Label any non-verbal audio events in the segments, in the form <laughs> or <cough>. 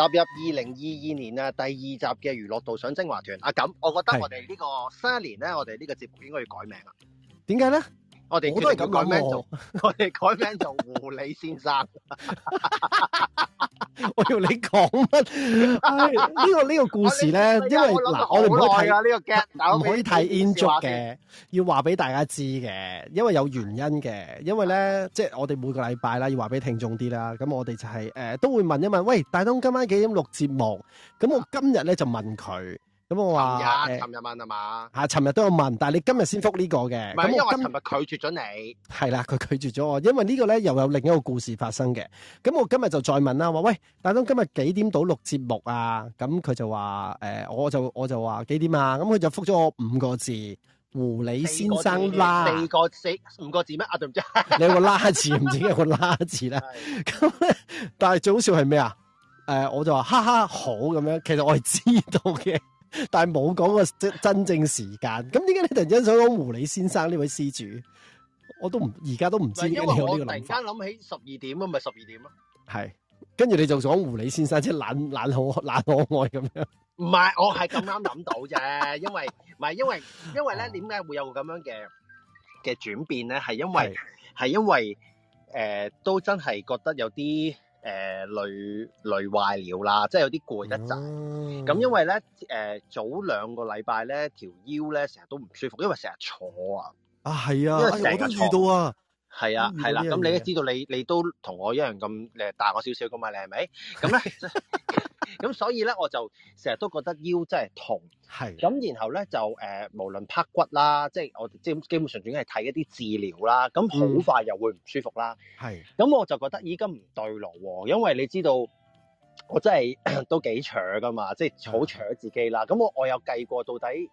踏入二零二二年啊，第二集嘅娛樂導賞精華團啊，咁我覺得我哋呢個新一年咧，是我哋呢個節目應該要改名啦。點解咧？我哋我都係咁改名做， <laughs> 我哋改名做狐狸先生。 <laughs> <laughs> 我要你講乜？呢、 <laughs> 哎這個呢、這個故事咧， <laughs> 因為嗱，我哋唔可以太唔可以太 enjoy 嘅，要話俾大家知嘅，因為有原因嘅。因為咧， <laughs> 即係我哋每個禮拜啦，要話俾聽眾啲啦。咁我哋就係誒都會問一問，喂，大東今晚幾點錄節目？咁我今日咧就問佢。 <laughs> 咁我話，尋日天、欸、問吖嘛？啊，尋日都有問，但係你今日先覆呢個嘅，唔是因為我尋日拒絕咗你。係啦，佢拒絕咗我，因為個呢個咧又有另一個故事發生嘅。咁我今日就再問啦，話喂，大東今日幾點到錄節目啊？咁佢就話，誒、欸，我就我就話幾點啊？咁佢就覆咗我五個字，狐狸先生啦拉，四個四五個字咩？啊對唔住， <laughs> 你有個拉字唔知有個拉字啦。咁咧的， <laughs> 但係最好笑係咩啊？誒、呃，我就話，哈哈好咁樣，其實我係知道嘅。但係冇講個真真正時間，咁點解你突然間想講狐狸先生呢位施主？我都唔而家都唔知點解你有呢個諗法。因為突然間諗起十二點，咁咪十二點咯。係，跟住你就想講狐狸先生，即係懶懶好懶可愛咁樣。唔係，我係咁啱諗到啫，因為唔係因為因為咧，點解會有咁樣嘅嘅轉變咧？係因為係因為誒，都真係覺得有啲。誒累累壞了啦，即係有啲攰得滯，咁、嗯、因為咧誒、呃、早兩個禮拜咧條腰咧成日都唔舒服，因為成日坐啊，啊係啊，因為成日、哎、遇到啊，係啊係、啊、啦，咁你都知道你你都同我一樣咁誒大我少少㗎嘛，你係咪？咁咧。 <laughs> <laughs> 咁所以咧，我就成日都覺得腰真係痛。咁是，然後咧就誒、呃，無論拍骨啦，即係我即係基本上總係睇一啲治療啦。咁好、嗯、快又會唔舒服啦。咁是，我就覺得依家唔對路、哦，因為你知道我真係都幾搶㗎嘛，即係好搶自己啦。咁的我我有計過到底誒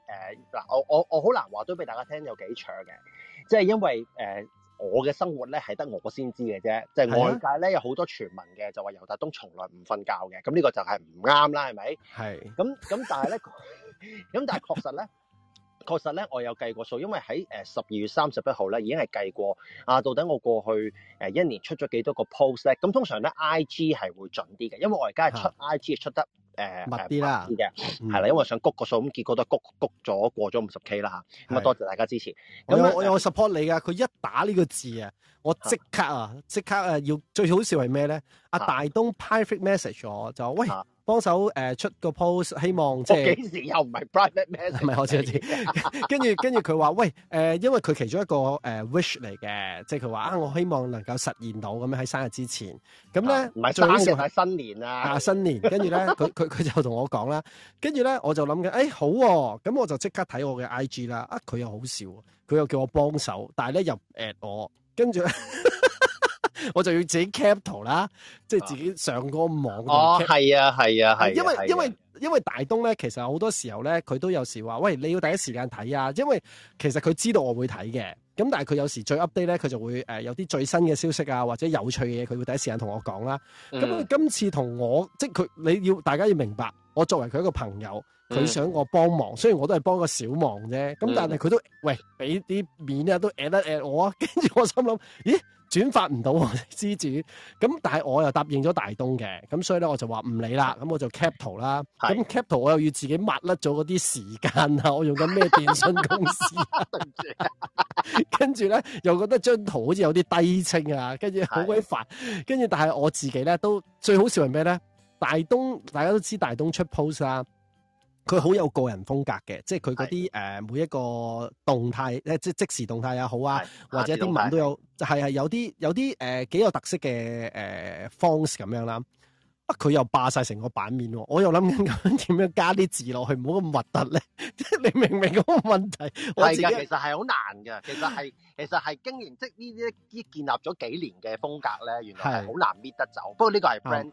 嗱、呃，我我我好難話都俾大家聽有幾搶嘅，即、就、係、是、因為誒。呃我嘅生活咧，係得我先知嘅啫，即、就、係、是、外界咧、啊、有好多傳聞嘅，就話游大東從來唔瞓覺嘅，咁呢個就係唔啱啦，係咪？係是。咁咁，但係咧，咁 <laughs> 但係確實咧，確實咧，我有計過數，因為喺誒十二月三十一號咧已經係計過啊，到底我過去、呃、一年出咗幾多個 post 呢。咁通常咧 IG 係會準啲嘅，因為我而家係出 IG 出得。誒，密啲啦，啲嘅，係啦、嗯，因為想谷個數，咁結果都係谷谷咗過咗五十 K 啦吓，咁啊的多謝大家支持，我有 support、嗯、你噶，佢一打呢個字啊，我即刻啊，即刻誒要最好笑係咩咧？阿、啊啊、大東 private message 我，就話喂。啊幫手、呃、出個 post，希望即係幾時又唔係 private 咩是？唔係，我知我知。跟住跟住佢話喂、呃、因為佢其中一個 wish 嚟嘅，即係佢話啊，我希望能夠實現到咁樣喺生日之前。咁咧，唔係、啊、最緊要係新年啊！啊新年，呢跟住咧，佢佢佢就同我講啦。跟住咧，我就諗緊，誒、哎、好喎、啊，咁我就即刻睇我嘅 IG 啦。啊，佢又好笑，佢又叫我幫手，但係咧又 at 我，跟住。 <laughs> 我就要自己 cap 圖啦，啊、即係自己上個網上哦，係啊，係啊，係、啊，因為、啊、因為、啊、因為大東咧，其實好多時候咧，佢都有時話，喂，你要第一時間睇啊，因為其實佢知道我會睇嘅，咁但係佢有時最 update 咧，佢就會誒有啲最新嘅消息啊，或者有趣嘅嘢，佢會第一時間同我講啦、啊。咁今、嗯、次同我，即係佢你要大家要明白，我作為佢一個朋友，佢想我幫忙，嗯、雖然我都係幫個小忙啫，咁但係佢都、嗯、喂俾啲面啊，都 add add 我啊，跟住我心諗，咦？，轉發唔到我知主，咁但係我又答應咗大東嘅，咁所以咧我就話唔理啦，咁我就 cap 圖啦，咁 cap 是的 圖我又要自己抹甩咗嗰啲時間啊，我用緊咩電信公司， <laughs> <laughs> 跟住咧又覺得張圖好似有啲低清啊，跟住好鬼煩，是的 跟住但係我自己咧都最好笑係咩咧？大東，大家都知大東出 post 啦。佢好有個人風格嘅，即係佢嗰啲誒每一個動態，誒即即時動態又好啊，的或者啲文都有，係係有啲有啲誒幾有特色嘅誒 font 咁樣啦。啊，佢又霸晒成個版面喎，我又諗緊點樣加啲字落去，唔好咁核突咧。即 <laughs> 係你明唔明嗰個問題係㗎的，其實係好難㗎。其實係其實係經營即呢啲依建立咗幾年嘅風格咧，原來係好難搣得走。的不過呢個係 branding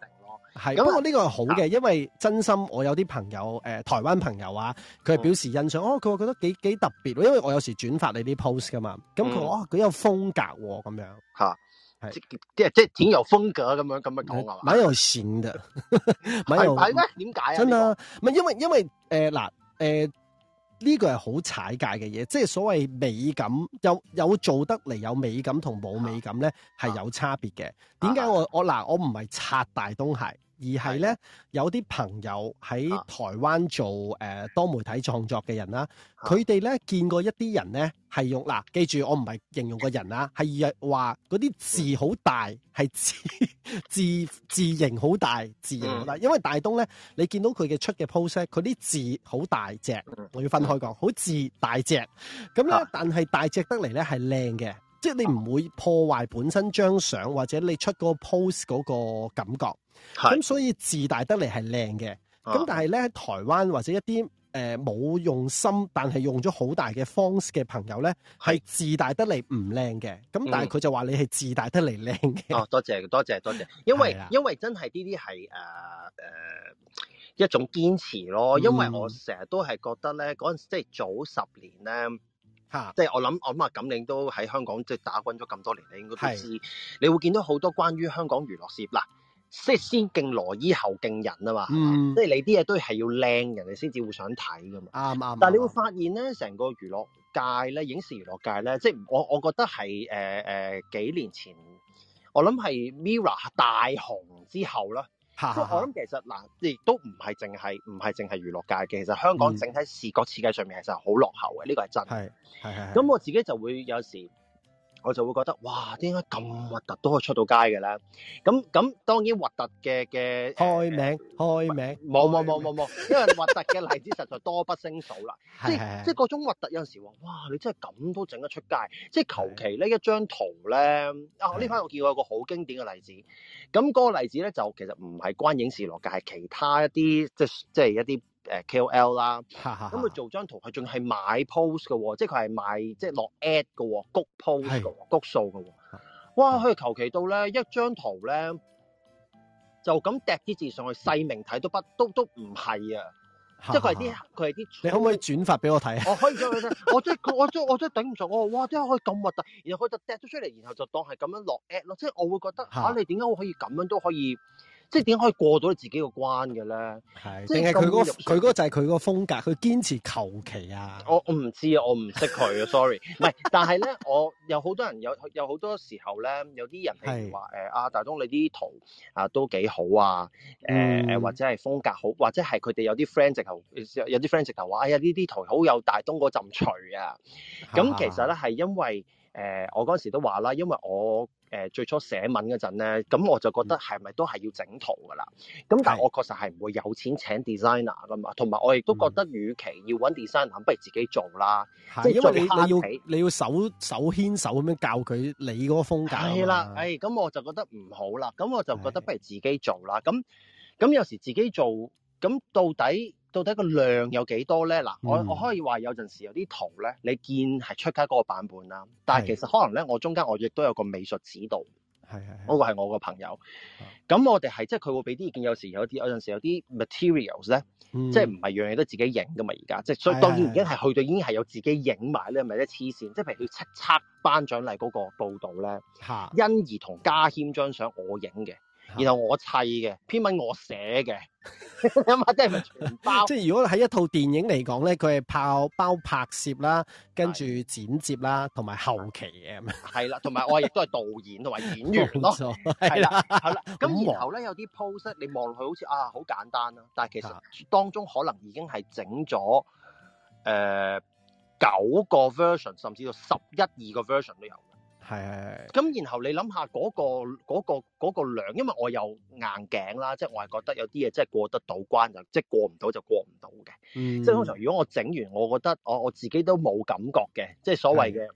係，不過呢個係好嘅，因為真心我有啲朋友，誒、呃，台灣朋友啊，佢係表示欣賞，哦，佢話覺得幾幾特別，因為我有時轉發你啲 post 噶嘛，咁佢話，嗯、哦，佢有風格咁、哦、樣，吓、啊，即係即係挺有風格咁樣咁樣講係嘛，蠻、嗯、有綫嘅，係咪咧？點解啊？真啊，唔係、這個、因為因為誒嗱誒。呃呃呃呢個係好踩界嘅嘢，即係所謂美感有有做得嚟，有美感同冇美感咧，係有差別嘅。點解我我嗱我唔係擦大東鞋？而係咧，有啲朋友喺台灣做誒、呃、多媒體創作嘅人啦，佢哋咧見過一啲人咧係用嗱，記住我唔係形容個人啊，係話嗰啲字好大，係字字字型好大字型好大，因為大東咧，你見到佢嘅出嘅 post，佢啲字好大隻，我要分開講，好字大隻，咁咧、啊、但係大隻得嚟咧係靚嘅。即係你唔會破壞本身張相或者你出嗰個 pose 嗰個感覺，咁是所以自大得嚟係靚嘅。咁、啊、但係咧喺台灣或者一啲誒冇用心但係用咗好大嘅方式嘅朋友咧，係是自大得嚟唔靚嘅。咁但係佢就話你係自大得嚟靚嘅。哦，多謝多謝多謝，因為是、啊、因為真係呢啲係誒誒一種堅持咯。因為我成日都係覺得咧嗰陣時即係早十年咧。啊、即係我諗，我諗啊，錦鈿都喺香港即係打滾咗咁多年，你應該都知，是你會見到好多關於香港娛樂事業嗱，即係先敬羅衣後敬人啊嘛，嗯、即係你啲嘢都係要靚人哋先至會想睇噶嘛。啱啱、啊。啊啊、但係你會發現咧，成個娛樂界咧，影視娛樂界咧，即係我我覺得係誒誒幾年前，我諗係 Mirror 大紅之後啦。 <noise> 哈哈我諗其實嗱，亦都唔係淨係唔係淨係娛樂界嘅，其實香港整體視覺設計上面其實係好落後嘅，呢、呢個係真嘅。係係係，咁我自己就會有時。我就會覺得哇，點解咁核突都可以出到街嘅咧？咁咁當然核突嘅嘅開名開名，冇冇冇冇冇，因為核突嘅例子實在多不勝數啦 <laughs> 的。即即嗰種核突有陣時話哇，你真係咁都整得出街。即求其呢一張圖咧的啊，呢番我見過有個好經典嘅例子。咁、那、嗰個例子咧就其實唔係關影視落嘅，係其他一啲即即係一啲。誒 KOL 啦，咁佢做張圖，佢仲係買 post 嘅喎、哦，即係佢係買，即係落 ad 嘅喎、哦，谷 post 嘅喎、哦，是谷數嘅喎，哇！佢求其到咧一張圖咧，就咁揼啲字上去，細明睇都不都都唔係啊，即係佢係啲佢係啲，你可唔可以轉發俾我睇啊？我可以 <laughs> 我，我真我真我真頂唔順，我話哇！點解可以咁核突？然後佢就揼咗出嚟，然後就當係咁樣落 ad 咯，即係我會覺得嚇哈、啊、你點解我可以咁樣都可以？即係點可以過到你自己、個關嘅咧？係此，即係佢嗰佢嗰就係佢嗰風格，佢堅持求其啊！我我唔知啊，我唔識佢啊 <laughs> ，sorry。唔係，但係咧， <laughs> 我有好多人有有好多時候咧，有啲人係話誒阿大東你啲圖啊，都幾好啊誒，嗯、或者係風格好，或者係佢哋有啲 friend 直頭有啲 friend 直頭話：哎呀呢啲圖好有大東嗰陣趣啊！咁其實咧係因為誒、呃、我嗰時都話啦，因為我。誒、呃、最初寫文嗰陣咧，咁我就覺得係咪都係要整圖噶啦？咁、嗯、但係我確實係唔會有錢請 designer 噶嘛，同埋的我亦都覺得，與其要揾 designer，嗯、不如自己做啦。即係的因為你，你要你要手手牽手咁樣教佢你嗰個風格。係啦，誒、哎，咁我就覺得唔好啦。咁我就覺得不如自己做啦。咁咁的有時自己做，咁到底？到底個量有幾多咧？嗱、嗯，我我可以話有陣時有啲圖咧，你見係出街嗰個版本啦，但係其實可能咧，我中間我亦都有個美術指導，係係嗰個係我個朋友。咁的我哋係即係佢會俾啲意見，有時有啲有陣時有啲 materials 咧，嗯、即係唔係樣樣都自己影噶嘛？而家即係所以當然已經係去到已經係有自己影埋咧，咪啲黐線。即係譬如佢七測頒獎禮嗰個報導咧，的因而同家謙張相我影嘅。然後我砌嘅，篇文我寫嘅，咁啊真係全包。即係如果喺一套電影嚟講咧，佢係拍包拍攝啦，是跟住剪接啦，同埋後期嘅。係啦的，同埋 <laughs> 我亦都係導演同埋演員咯。係啦，係啦。咁然後咧，有啲 post 你望落去好似啊好簡單啦，但係其實當中可能已經係整咗誒九個 version，甚至到十一二個 version 都有。係係，咁然後你諗下嗰個嗰嗰、嗰個嗰個嗰個、量，因為我有硬頸啦，即我係覺得有啲嘢即係過得到關就，即係過唔到就過唔到嘅。嗯、即通常如果我整完，我覺得我我自己都冇感覺嘅，即所謂嘅。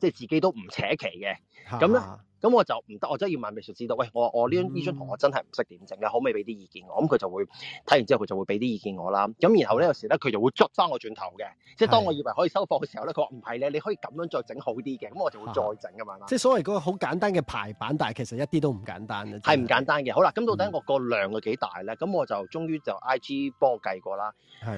即係自己都唔扯旗嘅咁咧，咁、啊、我就唔得，我真係要問美術知道。喂，我我呢張呢張圖，我真係唔識點整嘅，可唔可以俾啲意見我？咁佢就會睇完之後，佢就會俾啲意見我啦。咁然後咧，有時咧佢就會捉翻我轉頭嘅，是即係當我以為可以收貨嘅時候咧，佢話唔係咧，你可以咁樣再整好啲嘅，咁我就會再整噶嘛。啊、即係所謂嗰個好簡單嘅排版，但係其實一啲都唔簡單嘅，係唔簡單嘅。好啦，咁到底我個量係幾大咧？咁、嗯、我就終於就 I G 幫我計過啦。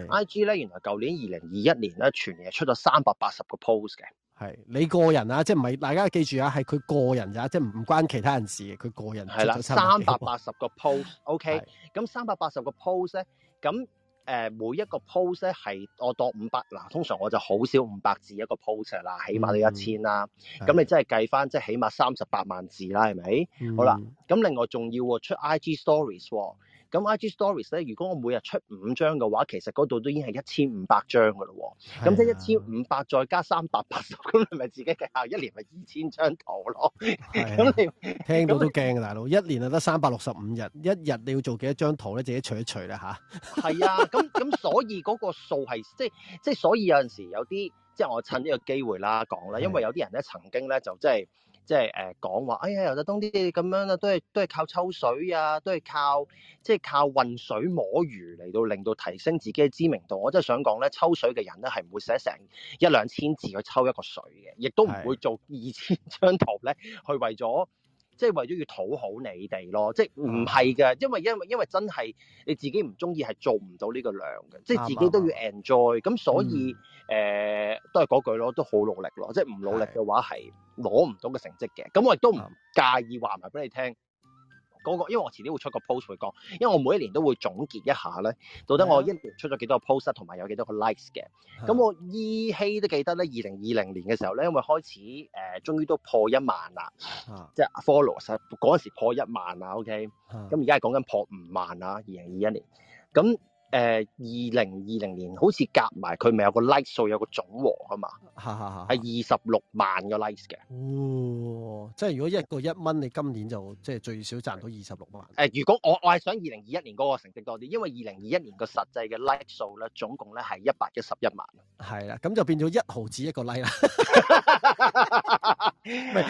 I G 咧，原來舊年二零二一年咧，全年係出咗三百八十個 post 嘅。係你個人啊，即係唔係？大家記住啊，係佢個人咋、啊，即係唔唔關其他人事嘅。佢個人係啦、哦，三百八十個 post，OK。咁三百八十個 post 咧、okay？的，咁誒、呃、每一個 post 咧係我度五百嗱，通常我就好少五百字一個 post 啦，起碼都一千啦。咁、嗯、你真係計翻，即係起碼三十八萬字啦，係咪？嗯、好啦，咁另外仲要、哦、出 IG stories、哦。咁 I G Stories 咧，如果我每日出五張嘅話，其實嗰度都已經係一千五百張嘅咯喎。咁、啊、即係一千五百再加三百八十，咁你咪自己計下，一年咪二千張圖咯。咁、啊、 <laughs> 你聽到都驚嘅，大佬 <laughs> 你，一年啊得三百六十五日，一日你要做幾多張圖咧？自己除一除啦吓，係啊，咁咁所以嗰個數係 <laughs> 即係即係，所以有陣時候有陣時有啲即係我趁呢個機會啦講啦，因為有啲人咧曾經咧就即、就、係、是。即係誒講話，哎呀，游大東啲咁樣啦，都係都係靠抽水啊，都係靠即係、就是、靠渾水摸魚嚟到令到提升自己嘅知名度。我真係想講咧，抽水嘅人咧係唔會寫成一兩千字去抽一個水嘅，亦都唔會做二千張圖咧去為咗。即係為咗要討好你哋咯，即係唔係嘅，因為因為因為真係你自己唔中意係做唔到呢個量嘅，嗯、即係自己都要 enjoy，咁、嗯、所以誒、呃、都係嗰句咯，都好努力咯，即係唔努力嘅話係攞唔到個成績嘅，咁、嗯、我亦都唔介意話埋俾你聽。嗰個，因為我遲啲會出個 post 去講，因為我每一年都會總結一下咧，到底我一年出咗幾多個 post 同埋有幾多個 likes 嘅。咁的我依稀都記得咧，二零二零年嘅時候咧，因為開始誒、呃，終於都破一萬啦，即係的 followers 嗰陣時破一萬啦。OK，咁而家係講緊破五萬啦，二零二一年。咁誒，二零二零年好似夾埋佢咪有個 like 數有個總和啊嘛，係二十六萬個 like 嘅，哦，即係如果一個一蚊，你今年就即係最少賺到二十六萬。誒、呃，如果我我係想二零二一年嗰個成績多啲，因為二零二一年個實際嘅 like 數咧，總共咧係一百一十一萬，係啦、啊，咁就變咗一毫子一個 like 啦。 <laughs> <laughs> 唔係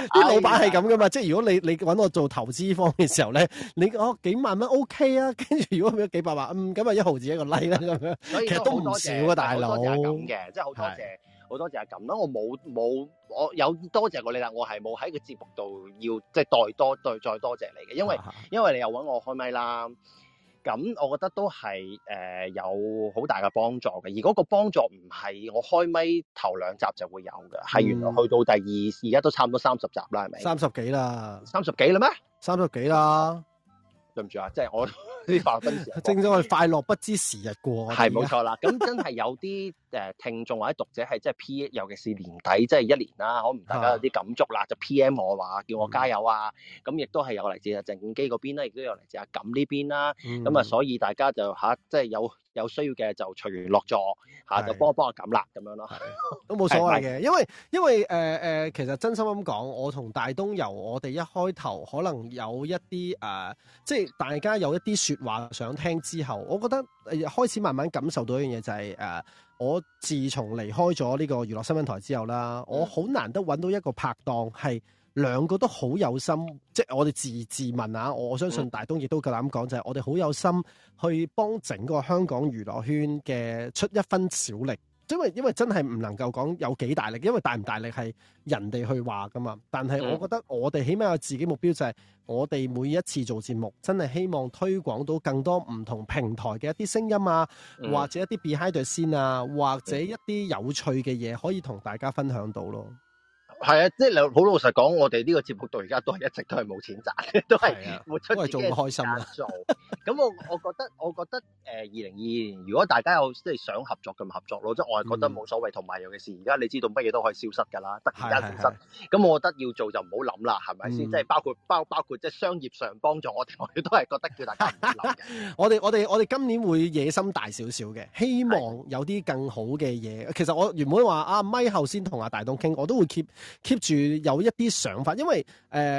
啲老闆係咁噶嘛，即係如果你你搵我做投資方嘅時候咧，你哦幾萬蚊 OK 啊，跟住如果俾咗幾百萬，嗯咁啊，一毫子一個 like 啦咁樣，以其實都唔少啊大佬。好多咁嘅，即係好多謝，好哥多謝阿咁啦的。我冇冇我有多謝過你，啦我係冇喺個節目度要即係代多再再多謝你嘅，因為、啊、因為你又搵我開咪啦。咁我覺得都係誒、呃、有好大嘅幫助嘅，而嗰個幫助唔係我開咪頭兩集就會有嘅，係原來去到第二而家、嗯、都差唔多三十集啦，係咪？三十幾啦，三十幾啦咩？三十幾啦，對唔住啊，即、就、係、是、我呢發音時正所謂快樂不知時日過，係冇錯啦。咁真係有啲。 <laughs> 誒聽眾或者讀者係即係 P，尤其是年底即係、就是、一年啦，可能大家有啲感觸啦，啊、就 P M 我話叫我加油啊。咁亦、嗯、都係有嚟自阿鄭健基嗰邊，亦都有嚟自阿錦呢邊啦。咁啊、嗯，所以大家就嚇即係有有需要嘅就隨緣樂助嚇是、啊，就幫我幫阿錦啦咁樣咯，都冇所謂嘅。因為因為誒誒、呃，其實真心咁講，我同大東由我哋一開頭可能有一啲誒，即、呃、係、就是、大家有一啲説話想聽之後，我覺得開始慢慢感受到一樣嘢就係、是、誒。呃我自從離開咗呢個娛樂新聞台之後啦，我好難得揾到一個拍檔係兩個都好有心，即係我哋自自問啊我，我相信大東亦都夠膽講就係我哋好有心去幫整個香港娛樂圈嘅出一分小力。因為因為真係唔能夠講有幾大力，因為大唔大力係人哋去話噶嘛。但係我覺得我哋起碼有自己目標，就係我哋每一次做節目，真係希望推廣到更多唔同平台嘅一啲聲音啊，或者一啲 behind the scenes 啊，或者一啲有趣嘅嘢可以同大家分享到咯。係啊，即係好老實講，我哋呢個節目到而家都係一直都係冇錢賺，都係冇出嘅。咁、啊、開心嘅做，咁我我覺得，我覺得誒，二零二二年如果大家有即係想合作，咁合作咯。即係 <laughs> 我係覺得冇所謂，同埋尤其是而家你知道乜嘢都可以消失噶啦，突然間消失。咁我覺得要做就唔好諗啦，係咪先？即係包括包包括即係商業上幫助，我哋我哋都係覺得叫大家唔好諗。我哋我哋我哋今年會野心大少少嘅，希望有啲更好嘅嘢。的其實我原本話阿咪後先同阿大東傾，我都會 keep。keep 住有一啲想法，因為誒誒、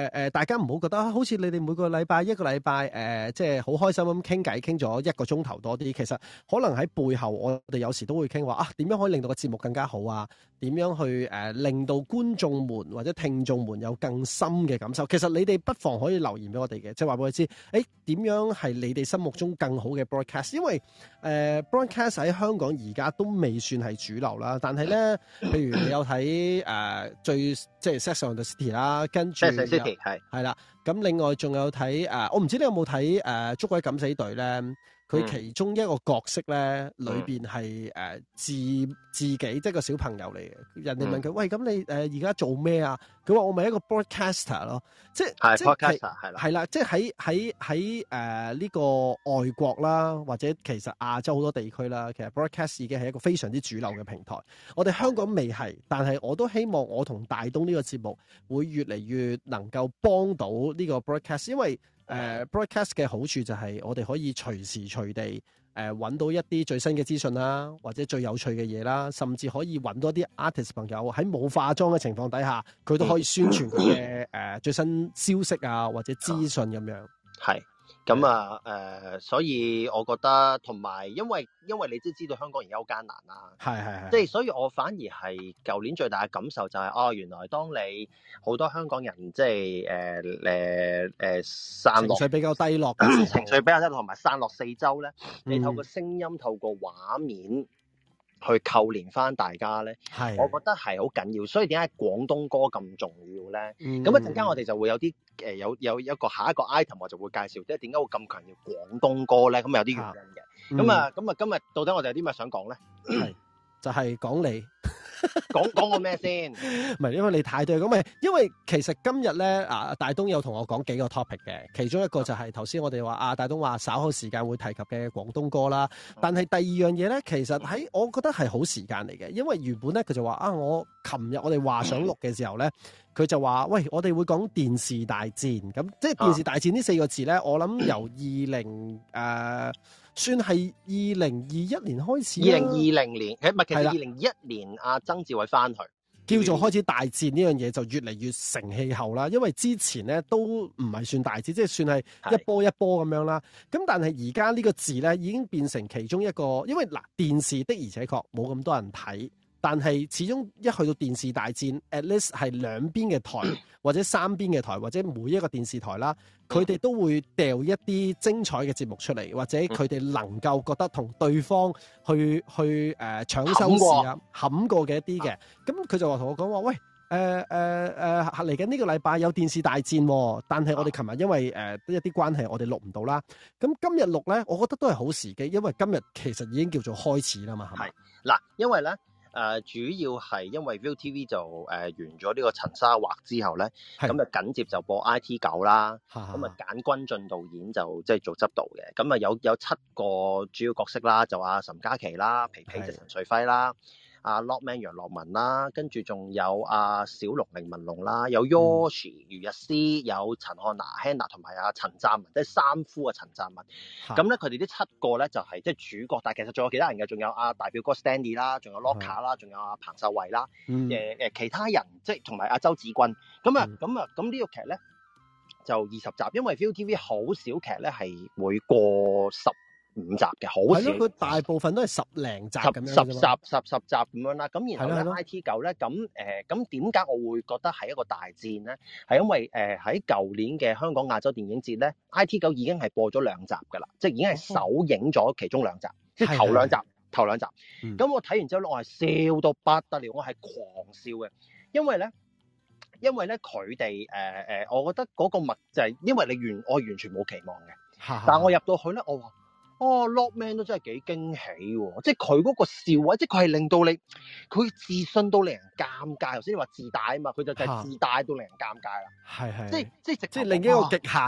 呃，大家唔好覺得好似你哋每個禮拜一個禮拜誒，即係好開心咁傾偈，傾咗一個鐘頭多啲。其實可能喺背後，我哋有時都會傾話啊，點樣可以令到個節目更加好啊？點樣去誒、呃、令到觀眾們或者聽眾們有更深嘅感受？其實你哋不妨可以留言俾我哋嘅，即係話俾我知，誒、欸、點樣係你哋心目中更好嘅 broadcast？因為誒 broadcast 喺香港而家都未算係主流啦，但係咧，譬如你有睇誒、呃、最。.即係 Sex and the City 啦，跟住係係啦。咁另外仲有睇誒、啊，我唔知你有冇睇誒《捉、啊、鬼敢死隊》咧？佢其中一個角色咧，裏面係誒、嗯呃、自自己即係個小朋友嚟嘅。人哋問佢：嗯、喂，咁你而家、呃、做咩啊？佢話：我咪一個 Broadcaster 咯，即係 Broadcaster 係啦，是即係喺喺喺誒呢個外國啦，或者其實亞洲好多地區啦，其實 broadcast 已經係一個非常之主流嘅平台。我哋香港未係，但係我都希望我同大東呢個節目會越嚟越能夠幫到呢個 broadcast，因為。誒、uh, broadcast 嘅好處就係我哋可以隨時隨地誒揾、uh, 到一啲最新嘅資訊啦、啊，或者最有趣嘅嘢啦，甚至可以揾多啲 artist 朋友喺冇化妝嘅情況底下，佢都可以宣傳佢嘅、 <laughs> 呃、最新消息啊，或者資訊咁樣係、oh. yes. 咁啊，誒、嗯嗯嗯，所以我覺得同埋，同埋因為，因為你都知道香港而家好艱難啦，係係係，即係，所以我反而係舊年最大嘅感受就係、是、哦，原來當你好多香港人即係誒誒誒散落情緒比較低落嘅，情緒比較低落，同埋散落四周咧，你透過聲音，嗯、透過畫面。去扣連翻大家咧，的我覺得係好緊要，所以點解廣東歌咁重要咧？咁、嗯、一陣間我哋就會有啲誒有有一個下一個 item 我就會介紹，即係點解會咁強要廣東歌咧？咁有啲原因嘅。咁啊咁啊，嗯、今日到底我哋有啲咩想講咧？就係、是、講你。 <laughs> 講講個咩先？唔係， <laughs> 因為你太對咁咪，因為其實今日咧啊，大東有同我講幾個 topic 嘅，其中一個就係頭先我哋話啊，大東話稍後時間會提及嘅廣東歌啦。但係第二樣嘢咧，其實喺我覺得係好時間嚟嘅，因為原本咧佢就話啊，我琴日我哋話想錄嘅時候咧，佢就話喂，我哋會講電視大戰咁，即係電視大戰呢四個字咧，我諗由二零啊。呃算係二零二一年開始，二零二零年，唔係，其實二零一年阿曾志偉翻去，叫做開始大戰呢樣嘢，就越嚟越成氣候啦。因為之前咧都唔係算大戰，即係算係一波一波咁樣啦。咁是但係而家呢個字咧已經變成其中一個，因為嗱，電視的而且確冇咁多人睇。但係始終一去到電視大戰，at least 係兩邊嘅台，或者三邊嘅台，或者每一個電視台啦，佢哋都會掉一啲精彩嘅節目出嚟，或者佢哋能夠覺得同對方去去誒搶、呃、收視過啊，冚過嘅一啲嘅，咁佢就話同我講話，喂誒誒誒嚟緊呢個禮拜有電視大戰，啊，但係我哋琴日因為誒、呃、一啲關係，我哋錄唔到啦。咁今日錄咧，我覺得都係好時機，因為今日其實已經叫做開始啦嘛，係咪？嗱，因為咧。誒、呃、主要係因為 v i e TV 就誒、呃、完咗呢個《陳沙畫》之後咧，咁是就緊接就播 I T 九啦，咁啊揀君進導演就即係、就是、做執導嘅，咁啊有有七個主要角色啦，就阿、啊、岑嘉琪啦、皮皮就陳瑞輝啦。阿、啊、Lokman 楊樂文啦，跟住仲有阿、啊、小龍凌文龍啦，有 Yoshi、嗯、余逸思，有陳漢娜、Hannah 同埋阿、啊、陳湛文，即係三夫嘅陳湛文。咁咧、啊，佢哋呢七個咧就係即係主角，但係其實仲有其他人嘅，仲有阿、啊、大表哥 Stanley 啦，仲有 Locka、er、啦，仲是有阿、啊、彭秀慧啦，誒誒、嗯呃、其他人即係同埋阿周祉君。咁啊咁啊咁呢個劇咧就二十集，因為 ViuTV 好少劇咧係會過十。五集嘅，好少。係咯，佢大部分都係十零集咁樣，十集十十集咁樣啦。咁然後咧，I T 九咧咁誒咁點解我會覺得係一個大戰咧？係因為誒喺舊年嘅香港亞洲電影節咧，I T 九已經係播咗兩集㗎啦，即係已經係首映咗其中兩集，哦、即係頭兩集頭兩集。咁我睇完之後咧，我係笑到不得了，我係狂笑嘅，因為咧，因為咧佢哋誒誒，我覺得嗰個物就係因為你完我完全冇期望嘅，的但係我入到去咧，我話。哦，Lockman 都真係幾驚喜喎！即係佢嗰個笑位，即係佢係令到你佢自信到令人尷尬。頭先你話自大啊嘛，佢就就係自大到令人尷尬啦。係係即係是即係直接，即係另一個極限。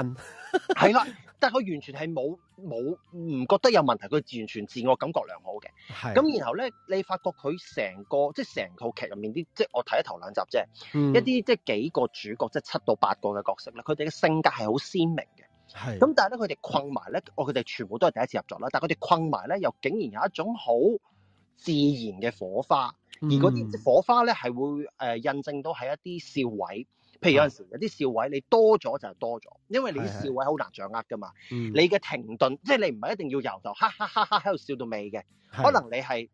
係啦， <laughs> 但係佢完全係冇冇唔覺得有問題，佢完全自我感覺良好嘅。係咁的然後咧，你發覺佢成個即係成套劇入面啲，即係我睇咗頭兩集啫，嗯、一啲即係幾個主角，即係七到八個嘅角色啦，佢哋嘅性格係好鮮明嘅。係，咁是但係咧，佢哋困埋咧，我佢哋全部都係第一次合作啦。但係佢哋困埋咧，又竟然有一種好自然嘅火花，嗯、而嗰啲火花咧係會誒、呃、印證到係一啲笑位。譬如有陣時有啲笑位，你多咗就係多咗，因為你啲笑位好難掌握噶嘛。是是你嘅停頓，嗯、即係你唔係一定要由頭哈哈哈哈喺度笑到尾嘅，可能你係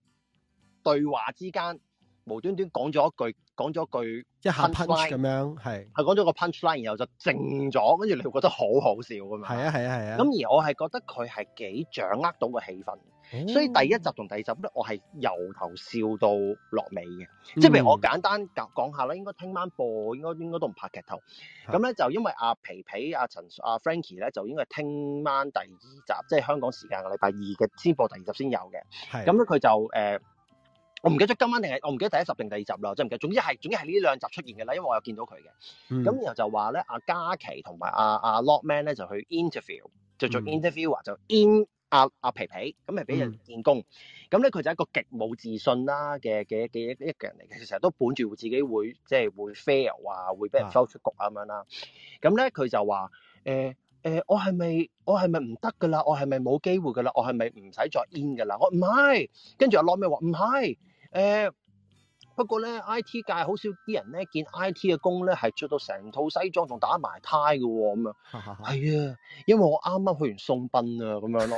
對話之間無端端講咗一句。講咗句一下 punch 咁樣，係係講咗個 punch line，然後就靜咗，跟住你會覺得好好笑㗎嘛？係啊係啊係啊！咁、啊啊、而我係覺得佢係幾掌握到個氣氛，嗯、所以第一集同第二集咧，我係由頭笑到落尾嘅。即係譬如我簡單講下啦，嗯、應該聽晚播，應該應該都唔拍劇透。咁咧是就因為阿皮皮、阿陳、阿 Frankie 咧，就應該聽晚第二集，即、就、係、是、香港時間嘅禮拜二嘅先播第二集先有嘅。咁咧佢就誒。呃我唔記得今晚定係我唔記得第一集定第二集啦，真係唔記得。總之係總之係呢兩集出現嘅啦，因為我有見到佢嘅。咁、嗯、然後就話咧，阿嘉琪同、啊、埋阿、啊、阿、啊、Lockman、ok、咧就去 interview，就做 interviewer 就 in 阿、啊、阿、啊、皮皮咁係俾人見工。咁咧佢就一個極冇自信啦嘅嘅嘅一一個人嚟嘅，成日都本住會自己會即係、就是、會 fail 啊，會俾人 show 出局咁樣啦。咁咧佢就話：誒、呃、誒、呃，我係咪我係咪唔得㗎啦？我係咪冇機會㗎啦？我係咪唔使再 in 㗎啦？我唔係。跟住阿 Lockman、ok、話唔係。誒，不過咧，I T 界好少啲人咧，見 I T 嘅工咧係着到成套西裝，仲打埋呔嘅喎，咁樣，係啊，因為我啱啱去完送殯啊，咁樣咯，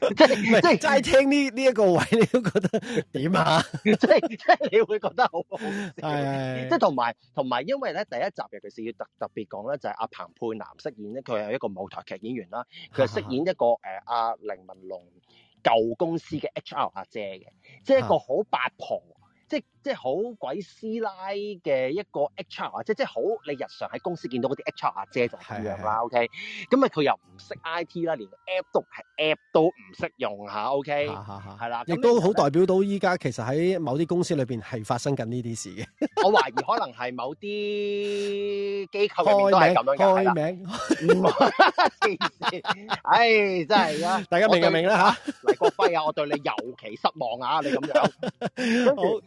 即係即係齋聽呢呢一個位，你都覺得點啊？即係你會覺得好好笑，即係同埋同埋，因為咧第一集尤其是要特特別講咧，就係阿彭佩南飾演咧，佢係一個舞台劇演員啦，佢係飾演一個誒阿凌文龍。舊公司嘅 HR 阿姐嘅，即係一個好八婆。即即好鬼師奶嘅一個 HR，即即好你日常喺公司見到嗰啲 HR 姐就咁樣啦，OK？咁啊佢又唔識 IT 啦，連 app 都 app 都唔識用下，OK？係啦，亦都好代表到依家其實喺某啲公司裏邊係發生緊呢啲事嘅。我懷疑可能係某啲機構裏邊都係咁樣嘅，係啦。開名，哈哈哈哈哈！唉，真係啊，大家明唔明咧嚇？黎國輝啊，我對你尤其失望啊！你咁樣好。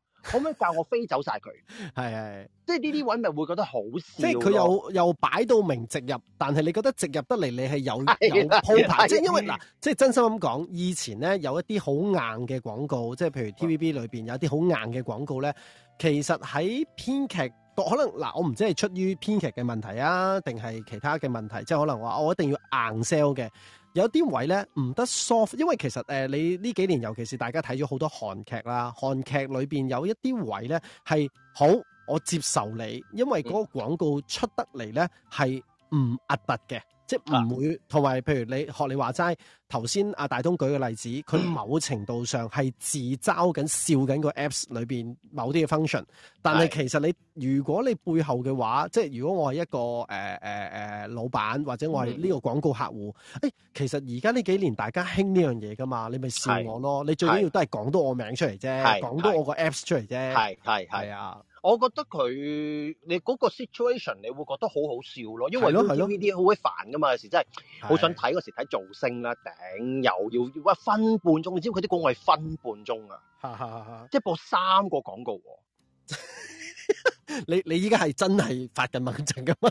可唔可以教我飛走晒佢？係係 <laughs> 的，即係呢啲位咪會覺得好笑。即係佢又又擺到明植入， <laughs> 但係你覺得植入得嚟你係有有鋪排。 <laughs> 的的即係因為嗱，的即係真心咁講，以前咧有一啲好硬嘅廣告，即係譬如 TVB 裏邊有一啲好硬嘅廣告咧，嗯、其實喺編劇可能嗱，我唔知係出於編劇嘅問題啊，定係其他嘅問題，即係可能話我，我一定要硬 sell 嘅。有啲位咧唔得 soft，因為其實、呃、你呢幾年，尤其是大家睇咗好多韓劇啦，韓劇裏面有一啲位咧係好我接受你，因為嗰個廣告出得嚟咧係唔壓迫嘅。即係唔會，同埋譬如你學你話齋，頭先阿大東舉嘅例子，佢某程度上係自嘲緊、笑緊個 apps 裏邊某啲嘅 function。但係其實你如果你背後嘅話，即係如果我係一個、呃呃、老闆，或者我係呢個廣告客戶、嗯欸，其實而家呢幾年大家興呢樣嘢㗎嘛，你咪笑我咯。是你最緊要都係講到我名是出嚟啫，講到我個 apps 出嚟啫，係係係啊。我覺得佢你嗰個 situation，你會覺得好好笑咯，因為呢啲好鬼煩噶嘛，有的時真係好想睇嗰的時，睇造星啦，頂，又要喂分半鐘，你知唔知佢啲廣告係分半鐘啊？ <laughs> 即係播三個廣告。 <laughs> <laughs> 你你依家係真係發緊猛震，噶嘛？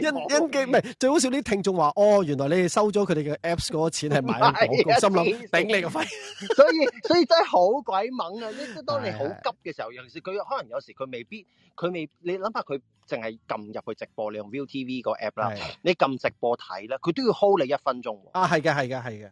因因機唔係最好少啲聽眾話哦，原來你哋收咗佢哋嘅 apps 嗰個錢係買我個、啊、心諗想，頂你個肺！所以所以真係好鬼猛啊！即 <laughs> 當你好急嘅時候，尤其是佢可能有時佢未必，佢未你諗下佢淨係撳入去直播，你用 ViuTV 個 app 啦的，你撳直播睇咧，佢都要 hold 你一分鐘。啊，係嘅、啊，係嘅，係嘅。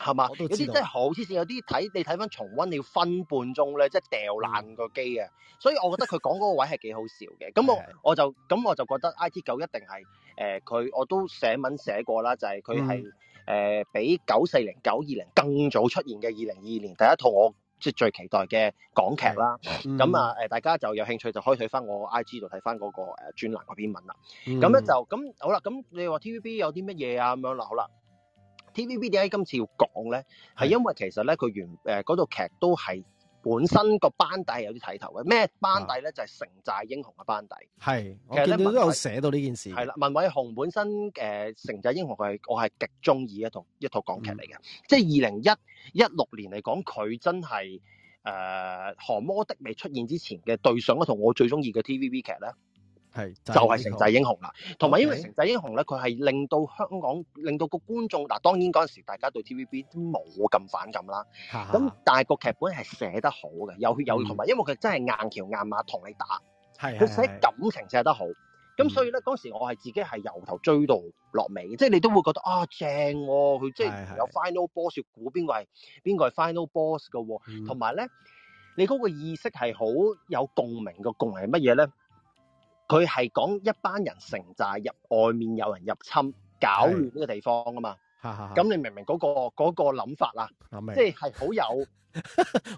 係嘛？是吧有啲真係好黐線，有啲睇你睇翻重溫，你要分半鐘咧，即係掉爛個機啊！嗯、所以我覺得佢講嗰個位係幾好笑嘅。咁 <laughs> 我我就咁我就覺得 I T 九一定係誒，佢、呃、我都寫文寫過啦，就係佢係誒比九四零、九二零更早出現嘅二零二二年第一套我即係最期待嘅港劇啦。咁、嗯、啊誒、呃，大家就有興趣就可以睇翻我 I G 度睇翻嗰個誒專欄嗰篇文啦。咁咧、嗯、就咁好啦。咁你話 T V B 有啲乜嘢啊？咁樣啦，好啦。T.V.B. 點解今次要講咧，係因為其實咧佢原誒嗰套劇都係本身個班底係有啲睇頭嘅。咩班底咧？就係《城寨英雄》嘅班底。係，我見到都有寫到呢件事。係啦，文偉鴻本身誒《城寨英雄》，係我係極中意一套一套港劇嚟嘅。即係二零一一六年嚟講，佢真係誒降魔的未出現之前嘅對上一套我最中意嘅 T.V.B. 劇咧。係就係、是這個、城寨英雄啦，同埋 Okay? 因為城寨英雄咧，佢係令到香港，令到個觀眾嗱、啊，當然嗰陣時大家對 T V B 都冇咁反感啦。咁、uh huh. 但係個劇本係寫得好嘅，有血有淚，同埋、嗯、因為佢真係硬橋硬馬同你打。係佢寫感情寫得好，咁、嗯、所以咧嗰陣時我係自己係由頭追到落尾，嗯、即係你都會覺得啊正啊，佢即係有 final boss 說估邊個係邊個係 final boss 嘅、啊，同埋咧你嗰個意識係好有共鳴嘅共係乜嘢咧？佢係講一班人城寨入，外面有人入侵搞亂呢個地方啊嘛，咁你明唔明嗰個嗰個諗法啊？即係係好有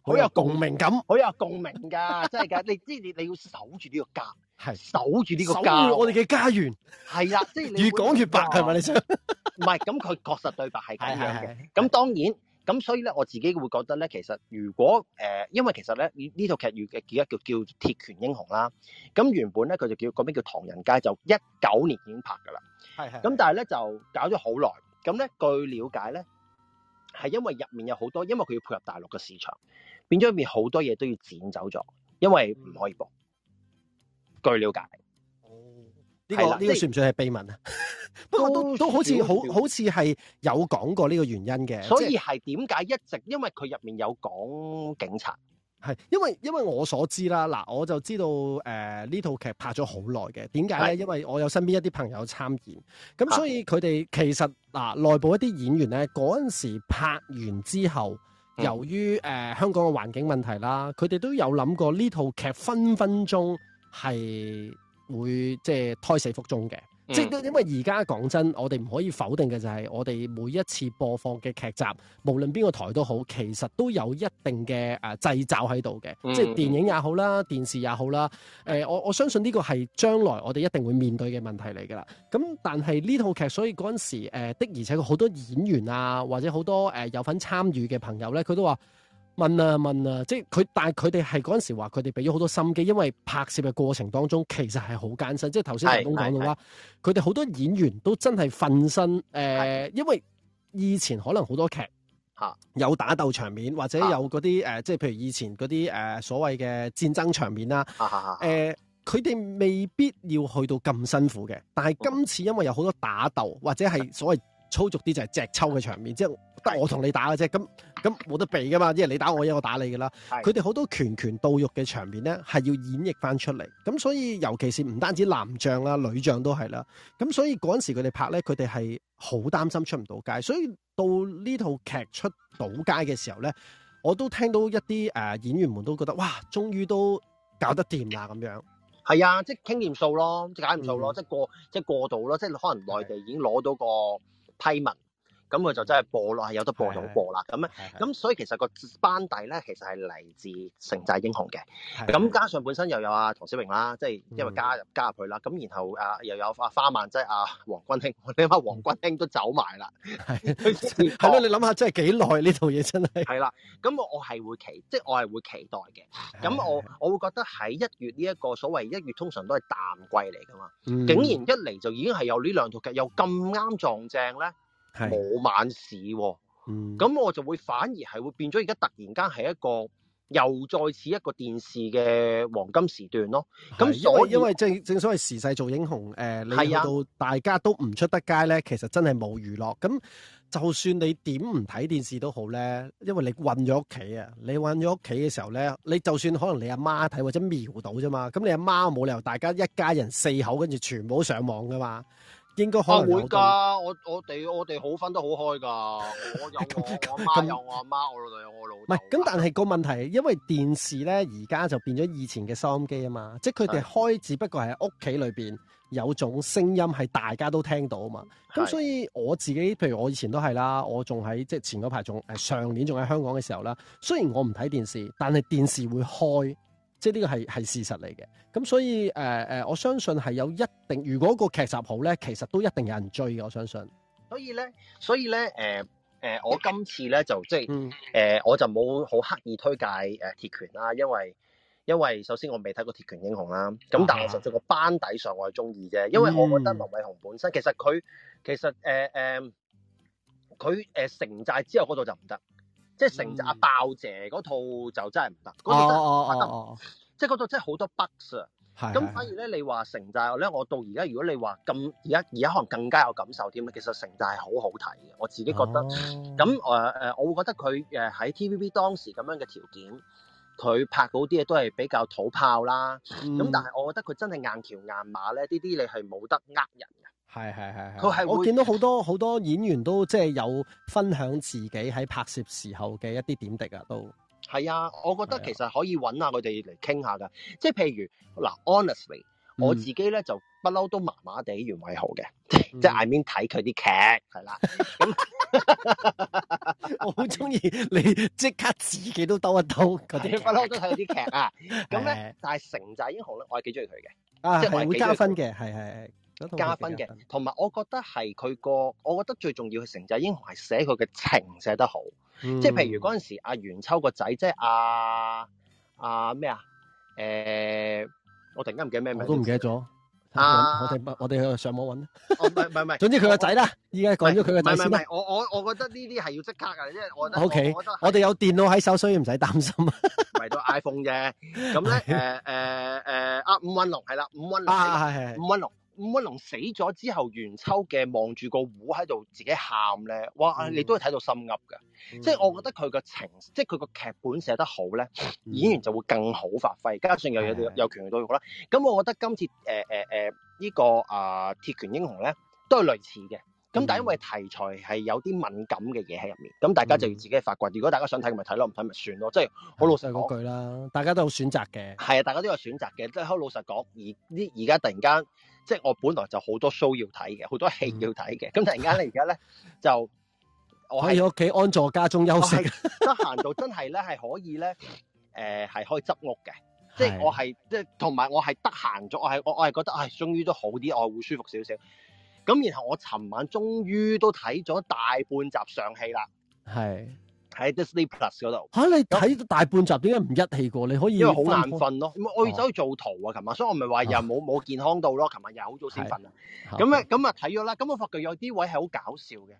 好有共鳴感，好有共鳴噶，真係噶，即係你你要守住呢個家，守住呢個家，我哋嘅家園，係啦，即係你越講越白係咪你想？唔係，咁佢確實對白係咁樣嘅，咁當然。咁所以咧，我自己會覺得咧，其實如果誒、呃、因為其實咧，呢套劇劇叫叫叫叫《鐵拳英雄》啦。咁原本咧，佢就叫嗰邊叫《唐人街》，就一九年已經拍㗎啦。係，係。咁但係咧，就搞咗好耐。咁咧，據了解咧，係因為入面有好多，因為佢要配合大陸嘅市場，變咗入面好多嘢都要剪走咗，因為唔可以播。據了解。呢、這個呢的個算唔算係秘密啊？都 <laughs> 不過都都好似好好似係有講過呢個原因嘅。所以係點解一直，因為佢入面有講警察，係因為因為我所知啦，嗱，我就知道誒呢套劇拍咗好耐嘅。點解咧？的因為我有身邊一啲朋友參演，咁所以佢哋其實嗱、呃、內部一啲演員咧嗰陣時拍完之後，由於誒、呃、香港嘅環境問題啦，佢哋、嗯、都有諗過呢套劇分分鐘係。會即係胎死腹中嘅，嗯、即係因為而家講真，我哋唔可以否定嘅就係我哋每一次播放嘅劇集，無論邊個台都好，其實都有一定嘅誒、呃、制罩喺度嘅，嗯、即係電影也好啦，電視也好啦。誒、呃，我我相信呢個係將來我哋一定會面對嘅問題嚟噶啦。咁但係呢套劇，所以嗰陣時誒、呃、的而且確好多演員啊，或者好多誒、呃、有份參與嘅朋友咧，佢都話。問啊問啊！即係佢，但係佢哋係嗰陣時話佢哋俾咗好多心機，因為拍攝嘅過程當中其實係好艱辛。即係頭先林公講到啦，佢哋好多演員都真係瞓身。呃、是因為以前可能好多劇有打鬥場面，或者有嗰啲即係譬如以前嗰啲、呃、所謂嘅戰爭場面啦。佢哋是、呃、未必要去到咁辛苦嘅，但係今次因為有好多打鬥，或者係所謂粗俗啲就係隻抽嘅場面，是即係。得我同你打嘅啫，咁咁冇得避噶嘛，即係你打我，我打你噶啦。佢哋好多拳拳到肉嘅場面咧，係要演繹翻出嚟。咁所以尤其是唔單止男將啦、女將都係啦。咁所以嗰陣時佢哋拍咧，佢哋係好擔心出唔到街。所以到呢套劇出到街嘅時候咧，我都聽到一啲誒、呃、演員們都覺得哇，終於都搞得掂啦咁樣。係啊，即係傾掂數咯，數咯嗯、即係解唔到咯，即係過即係過渡咯，即係可能內地已經攞到個批文。咁佢就真係播落係有得播就播啦。咁咧，咁所以其實個班底咧，其實係嚟自《城寨英雄》嘅。咁加上本身又有阿唐小明啦，即係因為加入加入佢啦。咁然後啊，又有花花曼，即係阿黃君興。你諗下，黃君興都走埋啦，係咯？你諗下，真係幾耐呢套嘢真係係啦。咁我我係會期，即係我係會期待嘅。咁我我會覺得喺一月呢一個所謂一月通常都係淡季嚟噶嘛，竟然一嚟就已經係有呢兩套劇，又咁啱撞正咧。冇是晚市喎，哦，咁、嗯、我就會反而係會變咗，而家突然間係一個又再次一個電視嘅黃金時段咯。咁是所以因為因為正正所謂時勢做英雄，誒、呃，啊、你到大家都唔出得街咧，其實真係冇娛樂。咁就算你點唔睇電視都好咧，因為你困咗屋企啊，你困咗屋企嘅時候咧，你就算可能你阿媽睇或者瞄到啫嘛，咁你阿媽冇理由大家一家人四口跟住全部都上網噶嘛。應該可能我、啊、會噶，我我哋我哋好分得好開噶，我有我阿媽，我媽 <laughs> 那有我阿媽，我老豆有我老豆。唔係咁，但係個問題，因為電視咧而家就變咗以前嘅收音機啊嘛，即係佢哋開，只不過係屋企裏邊有種聲音係大家都聽到啊嘛。咁所以我自己，譬如我以前都係啦，我仲喺即係前嗰排仲誒上年仲喺香港嘅時候啦，雖然我唔睇電視，但係電視會開。即係呢個係係事實嚟嘅，咁所以誒誒、呃，我相信係有一定，如果個劇集好咧，其實都一定有人追嘅。我相信。所以咧，所以咧，誒、呃、誒、呃，我今次咧就即係誒、呃，我就冇好刻意推介誒、呃《鐵拳》啦，因為因為首先我未睇過《鐵拳英雄》啦，咁但係實際個班底上我係中意啫，因為我覺得劉偉雄本身、嗯、其實佢其實誒誒，佢、呃、誒、呃呃、城寨之後嗰度就唔得。即係城寨、嗯、爆姐嗰套就真係唔得，嗰套、哦、真係即係嗰套真係好多 bugs 啊的！咁反而咧，你話城寨咧，我到而家如果你話咁而家而家可能更加有感受添咧，其實城寨係好好睇嘅，我自己覺得。咁誒誒，我會覺得佢誒喺 TVB 當時咁樣嘅條件，佢拍到啲嘢都係比較土炮啦。咁、嗯、但係我覺得佢真係硬橋硬馬咧，呢啲你係冇得呃人嘅。係係係係，我見到好多好多演員都即係有分享自己喺拍攝時候嘅一啲點滴啊，都係啊！我覺得其實可以揾下佢哋嚟傾下噶，即係譬如嗱，honestly，我自己咧就不嬲都麻麻地袁偉豪嘅，即係 I mean 睇佢啲劇係啦，我好中意你即刻自己都兜一兜佢哋，不嬲都睇啲劇啊！咁咧，但係《城寨英雄》咧，我係幾中意佢嘅啊，即係我會加分嘅，係係。加分嘅，同埋我覺得係佢個，我覺得最重要嘅《成就，英雄》係寫佢嘅情寫得好，即係譬如嗰陣時阿袁秋個仔，即係阿阿咩啊？誒，我突然間唔記得咩名，都唔記得咗。啊！我哋我哋去上網揾啦。唔係唔係，總之佢個仔啦，依家講咗佢個仔先。我我我覺得呢啲係要即刻嘅，因為我我我哋有電腦喺手，所以唔使擔心。為咗 iPhone 啫，咁咧，誒誒誒，阿伍雲龍係啦，伍雲龍，伍雲龍。唔可能死咗之後，元秋嘅望住個壺喺度自己喊咧，哇！你都係睇到心噏嘅，嗯、即係我覺得佢個情，即係佢個劇本寫得好咧，嗯、演員就會更好發揮，加上又有有，有權對角啦。咁的我覺得今次誒誒誒呢個啊、呃、鐵拳英雄咧，都係類似嘅。咁、嗯、但係因為題材係有啲敏感嘅嘢喺入面，咁、嗯、大家就要自己發掘。如果大家想睇，咪睇咯；唔睇咪算咯。即係好老實講句啦，我大家都好選擇嘅。係啊，大家都有選擇嘅。即係好老實講，而呢而家突然間，即係我本來就好多 show 要睇嘅，好多戲要睇嘅。咁、嗯、突然間咧，而 <laughs> 家咧就我喺屋企安坐家中休息，得閒到真係咧係可以咧，誒係、 <laughs> 呃、可以執屋嘅。的即係我係即係同埋我係得閒咗，我係我我係覺得唉、哎，終於都好啲，我會舒服少少。咁然後我尋晚終於都睇咗大半集上戲啦，係喺 Disney Plus 嗰度。吓，你睇大半集點解唔一氣過？你可以因為好難瞓咯，我我要走去做圖啊，琴晚所以我咪話又冇冇健康到咯，琴晚又好早先瞓啊。咁咧，咁啊睇咗啦，咁我發覺有啲位係好搞笑嘅，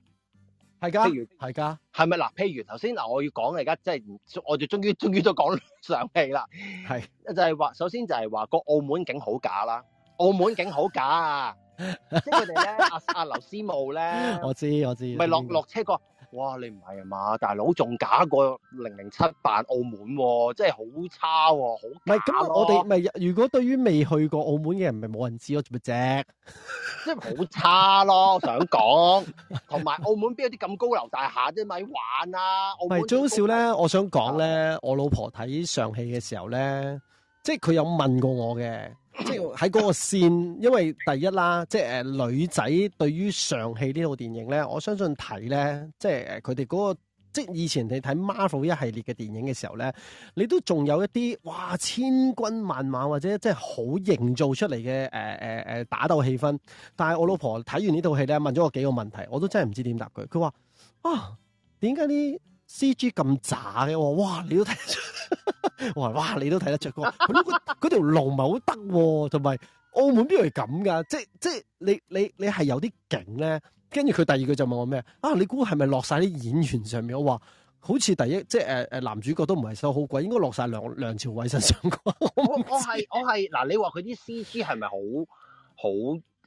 係噶，係噶，係咪嗱？譬如頭先嗱，我要講嘅而家即係，我就終於終於都講上戲啦，係就係話，首先就係話個澳門景好假啦，澳門景好假啊！ <laughs> 即係佢哋咧，阿阿劉思慕咧， <laughs> 我知我知，咪落落車個，哇你唔係啊嘛，大佬仲假個零零七扮澳門，哦，即係好差喎，哦，好假咯。咁我哋咪如果對於未去過澳門嘅人，咪冇人知咯，做乜啫？ <laughs> 即係好差咯，我想講，同埋 <laughs> 澳門邊有啲咁高樓大廈啫，咪 <laughs> 玩啊？唔係最好笑咧，我想講咧，啊、我老婆睇上戲嘅時候咧，即係佢有問過我嘅。即係喺嗰個線，因為第一啦，即係誒、呃、女仔對於上戲呢套電影咧，我相信睇咧，即係誒佢哋嗰個，即係以前你睇 Marvel 一系列嘅電影嘅時候咧，你都仲有一啲哇千軍萬馬或者即係好營造出嚟嘅誒誒誒打鬥氣氛。但係我老婆睇完這呢套戲咧，問咗我幾個問題，我都真係唔知點答佢。佢話啊，點解呢？C G 咁渣嘅，哇！你都睇得出，我話哇，你都睇得出嘅。佢嗰、那個、條路唔係好得，同埋澳門邊度係咁噶？即即你你你係有啲勁咧，跟住佢第二句就問我咩啊？你估係咪落晒啲演員上面？我話好似第一即誒誒、呃、男主角都唔係收好貴，應該落晒梁梁朝偉身上啩。我我係我係嗱，你話佢啲 C G 係咪好好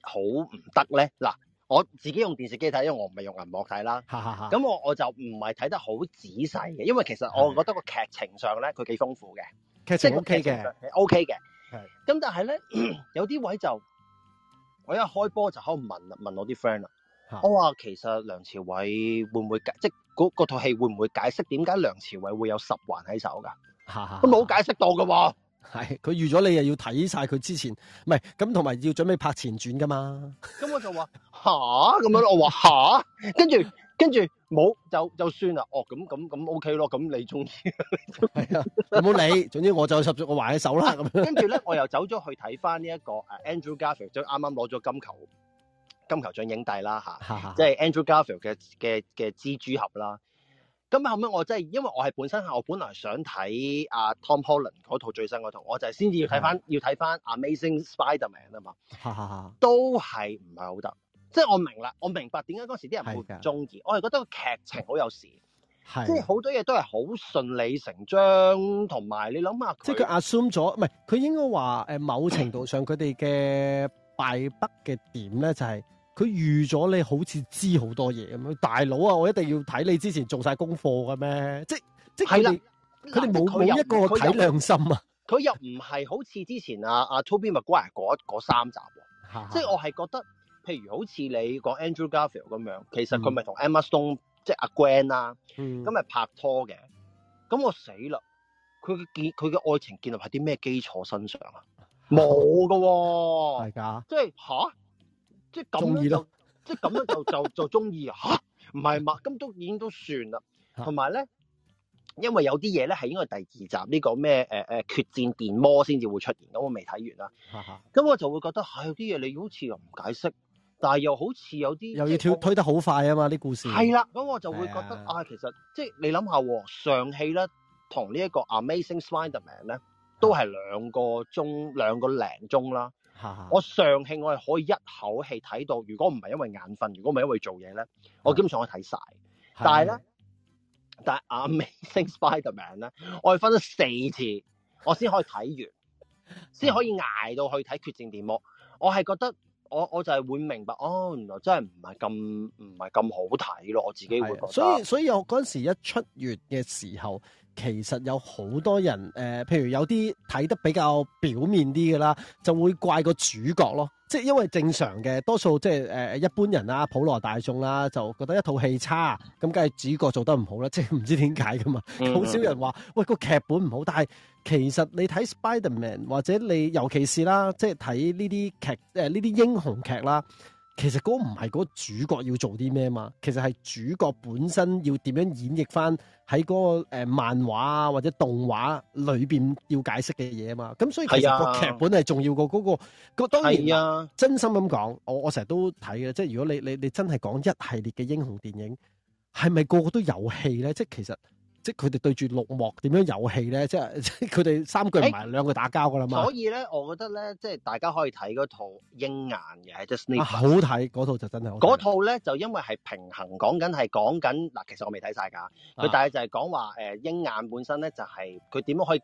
好唔得咧？嗱。我自己用電視機睇，因為我唔係用銀幕睇啦。咁 <laughs> 我我就唔係睇得好仔細嘅，因為其實我覺得個劇情上咧佢幾豐富嘅，劇情 O K 嘅，O K 嘅。咁、OK、的但係咧有啲位就我一開波就可以問問我啲 friend 啦。 <laughs> 我話其實梁朝偉會唔會，會，會解即嗰套戲會唔會解釋點解梁朝偉會有十環喺手噶？都冇 <laughs> 解釋到噶、啊。係，佢預咗你又要睇晒佢之前，唔係，咁同埋要準備拍前傳噶嘛？咁我就話吓咁樣咯，我話吓，跟住跟住冇就就算啦。哦，咁咁咁 OK 咯。咁、OK、你中意係啊？冇理， <laughs> 總之我就十足我還你手啦。咁樣跟住咧，呢 <laughs> 我又走咗去睇翻呢一個誒，Andrew Garfield 就啱啱攞咗金球金球獎影帝啦吓，即係 <laughs> Andrew Garfield 嘅嘅嘅蜘蛛俠啦。咁啊，後尾我真、就、係、是，因為我係本身係，我本來想睇阿、啊、Tom Holland 嗰套最新嗰套，我就係先至要睇翻，的要睇翻 Amazing Spiderman 啊嘛，Man, 哈哈哈哈都係唔係好得？即係我明啦，我明白點解嗰時啲人會唔鍾意，的我係覺得個劇情好有事，的即係好多嘢都係好順理成章，同埋你諗下，即係佢 assume 咗，唔係佢應該話某程度上佢哋嘅敗北嘅點咧，就係、是。佢預咗你好似知好多嘢咁樣，大佬啊，我一定要睇你之前做晒功課嘅咩？即即，佢哋佢哋冇冇一個體諒心啊，佢唔係？佢又唔係好似之前啊啊 Tobey Maguire 嗰嗰三集、啊， <laughs> 即我係覺得，譬如好似你講 Andrew Garfield 咁樣，其實佢咪同 Emma Stone、嗯、即係阿 Gwen 啦、啊，咁咪、嗯、拍拖嘅，咁我死啦！佢嘅佢嘅愛情建立喺啲咩基礎身上啊？冇嘅、啊，係㗎 <laughs> 的，即吓？即咁樣就，歡 <laughs> 即咁樣就就就中意吓？唔係嘛？咁都已經都算啦。同埋咧，因為有啲嘢咧係應該第二集呢、呢個咩誒、呃、決戰電魔先至會出現，咁我未睇完啦。咁、啊、我就會覺得係、哎、有啲嘢你好似又唔解釋，但係又好似有啲又要推我推得好快啊嘛啲故事。係啦，咁我就會覺得、哎、呀啊，其實即你諗下喎，上戲咧同呢一個 Amazing Spider-Man 咧都係兩個鐘兩、啊、個零鐘啦。哈哈，我上慶我係可以一口氣睇到，如果唔係因為眼瞓，如果唔係因為做嘢咧，我基本上可以睇晒。是的但係咧，是的但係《Amazing Spider-Man》咧，我係分咗四次，我才的才，我先可以睇完，先可以挨到去睇《決戰電魔》。我係覺得，我我就係會明白，哦，原來真係唔係咁唔係咁好睇咯。我自己會覺得。所以所以我嗰時一出月嘅時候。其實有好多人誒、呃，譬如有啲睇得比較表面啲嘅啦，就會怪個主角咯。即係因為正常嘅多數即係誒一般人啦、啊、普羅大眾啦、啊，就覺得一套戲差，咁梗係主角做得唔好啦。即係唔知點解㗎嘛，好、mm hmm. 少人話喂，個劇本唔好，但係其實你睇 Spider Man 或者你尤其是啦，即係睇呢啲劇誒呢啲英雄劇啦。其實嗰個唔係嗰個主角要做啲咩嘛，其實係主角本身要點樣演繹翻喺嗰個誒漫畫啊或者動畫裏邊要解釋嘅嘢啊嘛，咁所以其實個劇本係重要過嗰、嗰個。咁是、啊、當然，是啊、真心咁講，我我成日都睇嘅，即係如果你你你真係講一系列嘅英雄電影，係咪個個都有戲咧？即係其實。即係佢哋對住綠幕點樣遊戲咧？即係佢哋三句唔係兩句打交噶啦嘛。所以咧，我覺得咧，即係大家可以睇嗰套《鷹眼》嘅《The Sneak》。好睇嗰套就真係好。嗰套咧就因為係平衡講緊係講緊嗱，其實我未睇晒㗎。佢大概就係講話誒，鷹眼本身咧就係佢點樣可以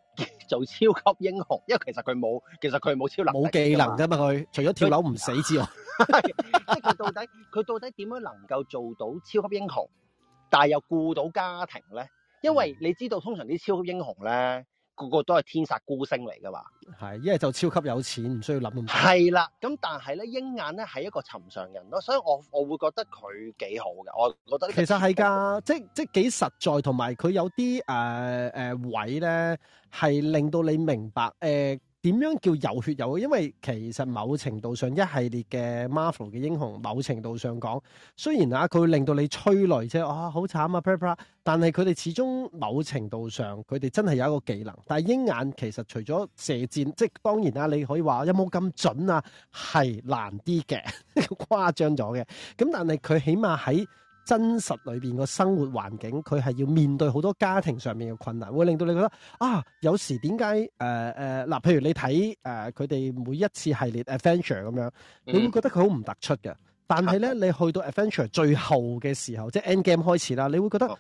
做超級英雄？因為其實佢冇其實佢冇超能力冇技能㗎嘛。佢除咗跳樓唔死之外，即係佢到底佢到底點樣能夠做到超級英雄，但係又顧到家庭咧？因為你知道通常啲超級英雄咧個個都係天煞孤星嚟噶嘛，係，一係就超級有錢唔需要諗咁多，係啦。咁但係咧鷹眼咧係一個尋常人咯，所以我我會覺得佢幾好嘅。我覺得這其實係噶，即即幾實在，同埋佢有啲誒誒位咧係令到你明白誒。呃點樣叫有血有血？因為其實某程度上一系列嘅 Marvel 嘅英雄，某程度上講，雖然啊佢會令到你催淚啫，啊好慘啊，吧吧但係佢哋始終某程度上佢哋真係有一個技能。但係鷹眼其實除咗射箭，即係當然啊，你可以話有冇咁準啊，係難啲嘅， <laughs> 誇張咗嘅。咁但係佢起碼喺真實裏面個生活環境，佢係要面對好多家庭上面嘅困難，會令到你覺得啊，有時點解誒誒嗱，譬、呃呃、如你睇誒佢哋每一次系列 Adventure 咁樣，你會覺得佢好唔突出嘅。嗯、但係咧，啊、你去到 Adventure 最後嘅時候，即、就、係、是、Endgame 開始啦，你會覺得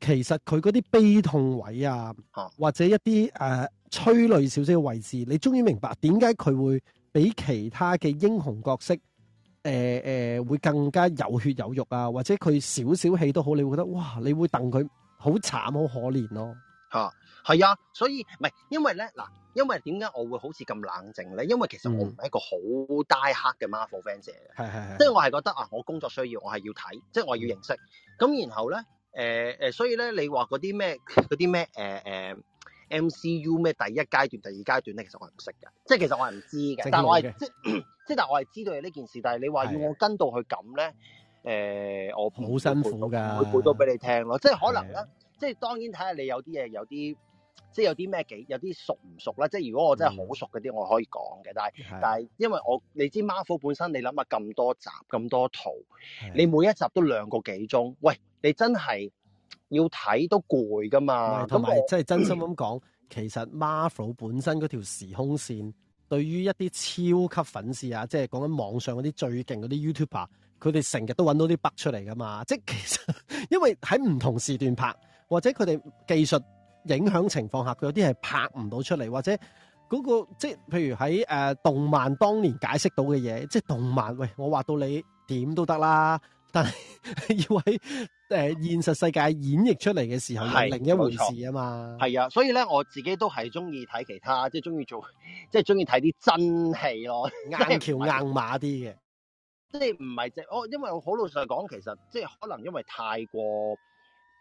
其實佢嗰啲悲痛位啊，啊或者一啲、呃、催淚少少嘅位置，你終於明白點解佢會比其他嘅英雄角色。誒誒、欸欸，會更加有血有肉啊，或者佢少少氣都好，你會覺得哇，你會戥佢好慘好可憐咯、啊，吓係啊，啊，所以唔係因為咧，嗱，因為點解我會好似咁冷靜咧？因為其實我唔係一個好呆黑嘅 Marvel fans 嘅、嗯，係係即係我係覺得啊，我工作需要，我係要睇，即、就、係、是、我要認識，咁然後咧，誒、呃、誒，所以咧，你話嗰啲咩嗰啲咩，誒誒。呃呃 MCU 咩第一階段、第二階段咧？其實我係唔識嘅，即係其實我係唔知嘅。但係我係即即但係我係知道係呢件事。但係你話要我跟到去咁咧？誒的、呃，我好辛苦㗎，會背多俾你聽咯。即係可能咧的，即係當然睇下你有啲嘢有啲即係有啲咩幾有啲熟唔熟啦。即係如果我真係好熟嗰啲，嗯、我可以講嘅。但係的但係因為我你知 Marvel 本身，你諗下咁多集咁多套，的你每一集都兩個幾鐘。喂，你真係～要睇都攰噶嘛，同埋即係真心咁講，我其實 Marvel 本身嗰條時空線，對於一啲超級粉絲啊，即係講緊網上嗰啲最勁嗰啲 YouTuber，佢哋成日都揾到啲 bug 出嚟噶嘛。即係其實因為喺唔同時段拍，或者佢哋技術影響情況下，佢有啲係拍唔到出嚟，或者嗰、嗰個即係譬如喺誒、呃、動漫當年解釋到嘅嘢，即係動漫喂，我畫到你點都得啦。但係要喺誒現實世界演繹出嚟嘅時候，係是另一回事啊嘛。係啊，所以咧我自己都係中意睇其他，即係中意做，即係中意睇啲真戲咯，硬橋硬馬啲嘅。即係唔係即係我，因為我好老實講，其實即係可能因為太過。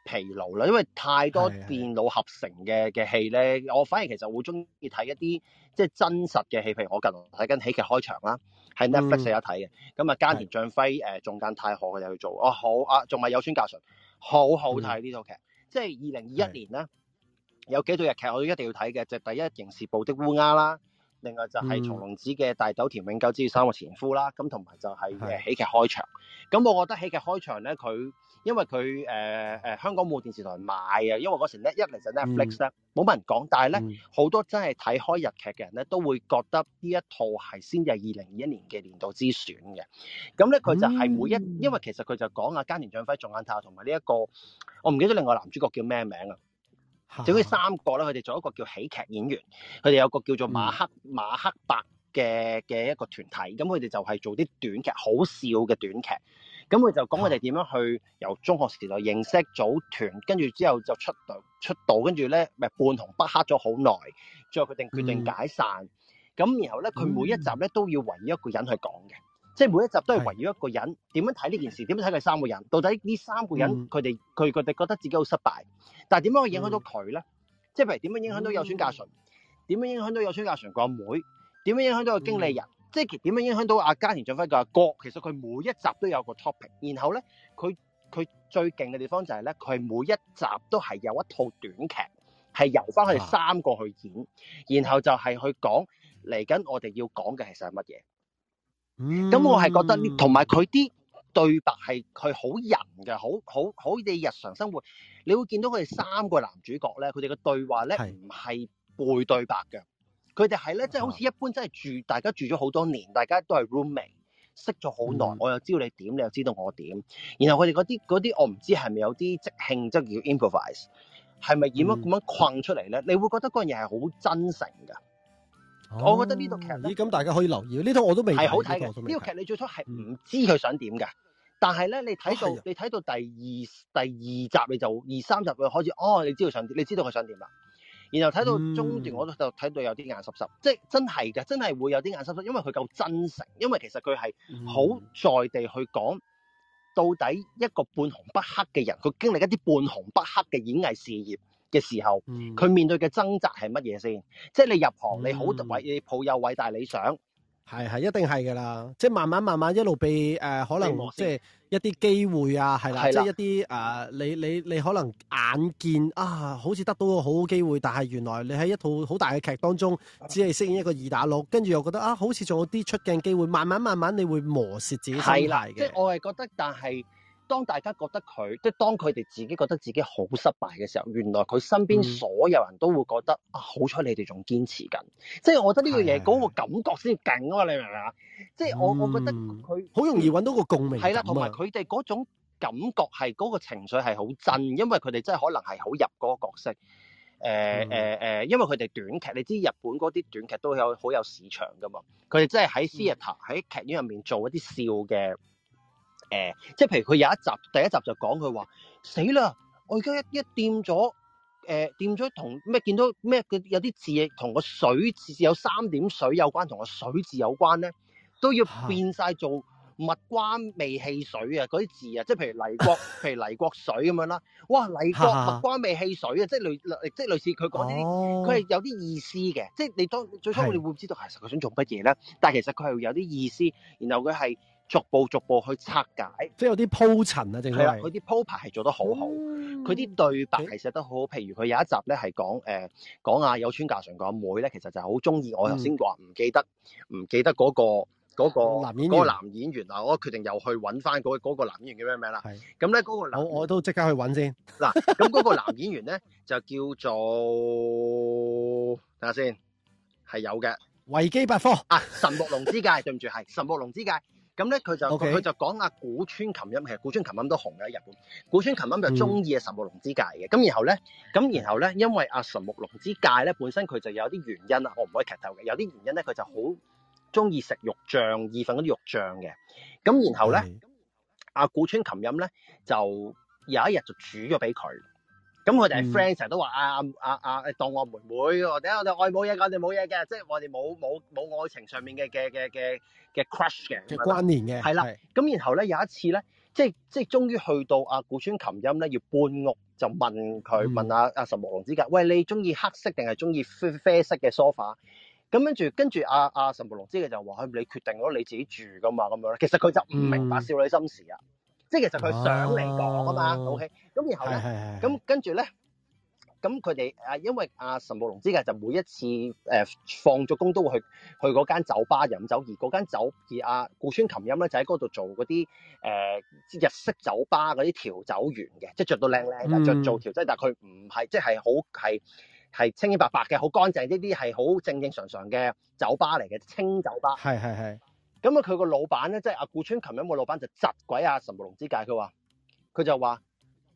疲勞啦，因為太多電腦合成嘅嘅的戲咧，我反而其實會中意睇一啲即係真實嘅戲，譬如我近嚟睇緊喜劇開場啦，喺 Netflix 睇睇嘅，咁啊，菅田將暉誒仲野太賀佢哋去做，哦好啊，仲係有村架純，好好睇呢套劇，嗯、即係二零二一年啦，的有幾套日劇我一定要睇嘅，就是、第一刑事部的烏鴉啦，嗯、另外就係松隆子嘅大豆田永久之三個前夫啦，咁同埋就係、是、誒的、啊、喜劇開場，咁我覺得喜劇開場咧佢。它因為佢誒誒香港冇電視台買啊，因為嗰時咧一嚟就 Netflix 咧冇乜、嗯、人講，但係咧好多真係睇開日劇嘅人咧都會覺得呢一套係先至係二零二一年嘅年度之選嘅。咁咧佢就係每一，嗯、因為其實佢就講啊，菅田將暉、仲野太賀同埋呢一個，我唔記得另外男主角叫咩名啦。啊、就好似三個咧，佢哋做一個叫喜劇演員，佢哋有一個叫做馬克、嗯、馬克白嘅嘅一個團體，咁佢哋就係做啲短劇，好笑嘅短劇。咁佢就講我哋點樣去由中學時代認識組團，跟住之後就出道出道，跟住咧咪半紅不黑咗好耐，最後決定決定解散。咁、嗯、然後咧，佢每一集咧、嗯、都要圍繞一個人去講嘅，即係每一集都係圍繞一個人點是樣睇呢件事，點是樣睇佢三個人，到底呢三個人佢哋佢佢哋覺得自己好失敗，但係點樣去影響到佢咧？嗯、即係譬如點樣影響到有村架純，點、嗯、樣影響到有村架純個妹，點樣影響到個經理人？嗯即係點樣影響到阿家庭進飛嘅阿哥？其實佢每一集都有個 topic，然後咧佢佢最勁嘅地方就係、是、咧，佢係每一集都係有一套短劇，係由翻佢哋三個去演，啊、然後就係去講嚟緊我哋要講嘅其實係乜嘢。嗯，咁我係覺得同埋佢啲對白係佢好人嘅，好好好哋日常生活。你會見到佢哋三個男主角咧，佢哋嘅對話咧唔係背對白嘅。佢哋係咧，即係、就是、好似一般真，真係住大家住咗好多年，大家都係 roommate，識咗好耐，嗯、我又知道你點，你又知道我點。然後佢哋嗰啲嗰啲，我唔知係咪有啲即興，即、就、係、是、叫 improvise，係咪演乜咁樣困出嚟咧？嗯、你會覺得嗰樣嘢係好真誠噶。哦、我覺得呢套劇咧，咦？咁大家可以留意，呢套我都未睇過。好睇，呢個劇你最初係唔知佢想點嘅，嗯、但係咧你睇到、哎、呀你睇到第二第二集你就二三集佢開始，哦，你知道佢想點，你知道佢想點啦。然後睇到中段，嗯、我都就睇到有啲眼濕濕，即係真係嘅，真係會有啲眼濕濕，因為佢夠真誠，因為其實佢係好在地去講，到底一個半紅不黑嘅人，佢經歷一啲半紅不黑嘅演藝事業嘅時候，佢面對嘅掙扎係乜嘢先？嗯、即係你入行，你好偉，你抱有偉大理想。係係，一定係㗎啦！即係慢慢慢慢一路被、呃、可能即係一啲機會啊，係啦，是的即係一啲、呃、你你你可能眼見啊，好似得到個好機會，但係原來你喺一套好大嘅劇當中，只係飾演一個二打六，跟住又覺得啊，好似仲有啲出鏡機會，慢慢慢慢你會磨蝕自己心態嘅。即係我係覺得，但係。當大家覺得佢，即係當佢哋自己覺得自己好失敗嘅時候，原來佢身邊所有人都會覺得、嗯、啊，好彩你哋仲堅持緊。即係我覺得呢個嘢嗰個感覺先勁啊！嘛你明唔明啊？即係我，嗯、我覺得佢好、嗯、容易揾到個共鳴、啊。係啦、啊，同埋佢哋嗰種感覺係嗰、嗰個情緒係好真，因為佢哋真係可能係好入嗰個角色。誒誒誒，因為佢哋短劇，你知日本嗰啲短劇都有好有市場㗎嘛。佢哋真係喺 theatre 喺劇院入面做一啲笑嘅。誒，即係譬如佢有一集，第一集就講佢話死啦，我而家一一掂咗，誒掂咗同咩見到咩有啲字同個水字有三點水有關，同個水字有關咧，都要變晒做蜜瓜味汽水啊！嗰啲字啊，即係譬如黎國， <laughs> 譬如黎國水咁樣啦，哇黎國蜜瓜味汽水啊！即係類，即係類，類似佢講呢啲，佢係、哦、有啲意思嘅，即係你當最初我哋會唔知道其實佢想做乜嘢，是但其實佢想做乜嘢咧？但係其實佢係有啲意思，然後佢係。逐步逐步去拆解，即係有啲鋪陳啊，定係佢啲鋪排係做得好好，佢啲、嗯、對白係寫得好好。譬如佢有一集咧係講誒、呃、講啊，有村架純個阿妹咧，其實就係好中意我說。頭先話唔記得唔記得、那、嗰個嗰、那個嗰個男演員啊，我決定又去揾翻嗰個男演員叫咩名啦。咁咧嗰個我，我都即刻去揾先嗱。咁、那、嗰個男演員咧 <laughs> 就叫做睇下先，係有嘅維基百科啊，《神木隆之介，對唔住，係《神木隆之介。咁咧佢就佢 Okay. 就講阿古川琴音，其實古川琴音都紅嘅喺日本。古川琴音就中意阿神木隆之介嘅。咁、嗯、然後咧，咁然後咧，因為阿、啊、神木隆之介咧，本身佢就有啲原因啊，我唔可以劇透嘅。有啲原因咧，佢就好中意食肉醬意粉嗰啲肉醬嘅。咁然後咧，阿、嗯、古川琴音咧就有一日就煮咗俾佢。咁佢哋係 friend 成日都話啊啊啊，當我妹妹。我哋我我哋冇嘢嘅，我哋冇嘢嘅，即係我哋冇冇冇愛情上面嘅嘅嘅嘅嘅 crush 嘅關聯嘅。係啦了，咁是然後咧有一次咧，即係即係終於去到阿古川琴音咧，要搬屋就問佢、嗯、問阿阿神木龍之介，喂你中意黑色定係中意啡啡色嘅 sofa？咁跟住跟住阿阿神木龍之嘅，就話佢你決定咗你自己住噶嘛咁樣咧。其實佢就唔明白少女心事啊。嗯即係其實佢上嚟講啊嘛，OK，咁、哦、然後咧，咁跟住咧，咁佢哋啊，因為阿神木龍之介就每一次誒、呃、放咗工都會去去嗰間酒吧飲酒，而嗰間酒而阿顧川琴音咧就喺嗰度做嗰啲誒日式酒吧嗰啲調酒員嘅，即係著到靚靚，著、嗯、做調劑，但係佢唔係即係好係係清清白白嘅，好乾淨呢啲係好正正常常嘅酒吧嚟嘅清酒吧。係係係。咁佢個老闆呢，即、就、係、是、阿顧川，琴日個老闆就窒鬼阿、啊、神木龍之介，佢話佢就話：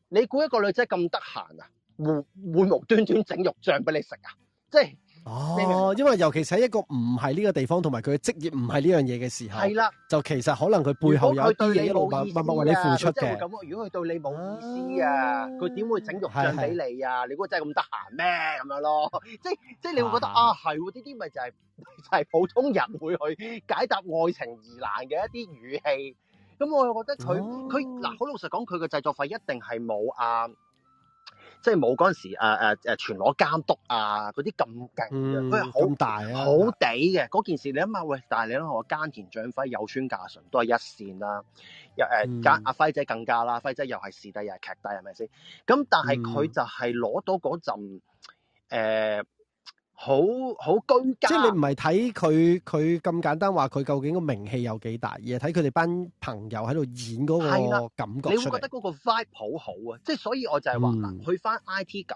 你估一個女仔咁得閒啊，會會無端端整肉醬畀你食啊？即係。哦，因為尤其喺一個唔係呢個地方，同埋佢嘅職業唔係呢樣嘢嘅時候，就其實可能佢背後有啲嘢一路默默默默為你付出。即係會咁喎，如果佢對你冇意思啊，佢點會整玉像俾你啊？你估真係咁得閒咩？咁樣咯，即即係你會覺得啊，係喎，呢啲咪就係就係普通人會去解答愛情疑難嘅一啲語氣。咁我又覺得佢佢嗱，好老實講，佢嘅製作費一定係冇啊。即係冇嗰陣時誒全裸監督啊嗰啲咁勁，佢係好好地嘅嗰件事。你諗下喂，但係你睇我耕田長輝有村架純都係一線啦，啊，又誒阿輝仔更加啦，輝仔又係視帝又係劇帝係咪先？咁但係佢就係攞到嗰陣，嗯呃好好居家即係你唔係睇佢佢咁簡單話佢究竟個名氣有幾大，而係睇佢哋班朋友喺度演嗰個感覺。你會覺得嗰個 vibe 好好啊，即係所以我就係話嗱，嗯、去翻 i t 九，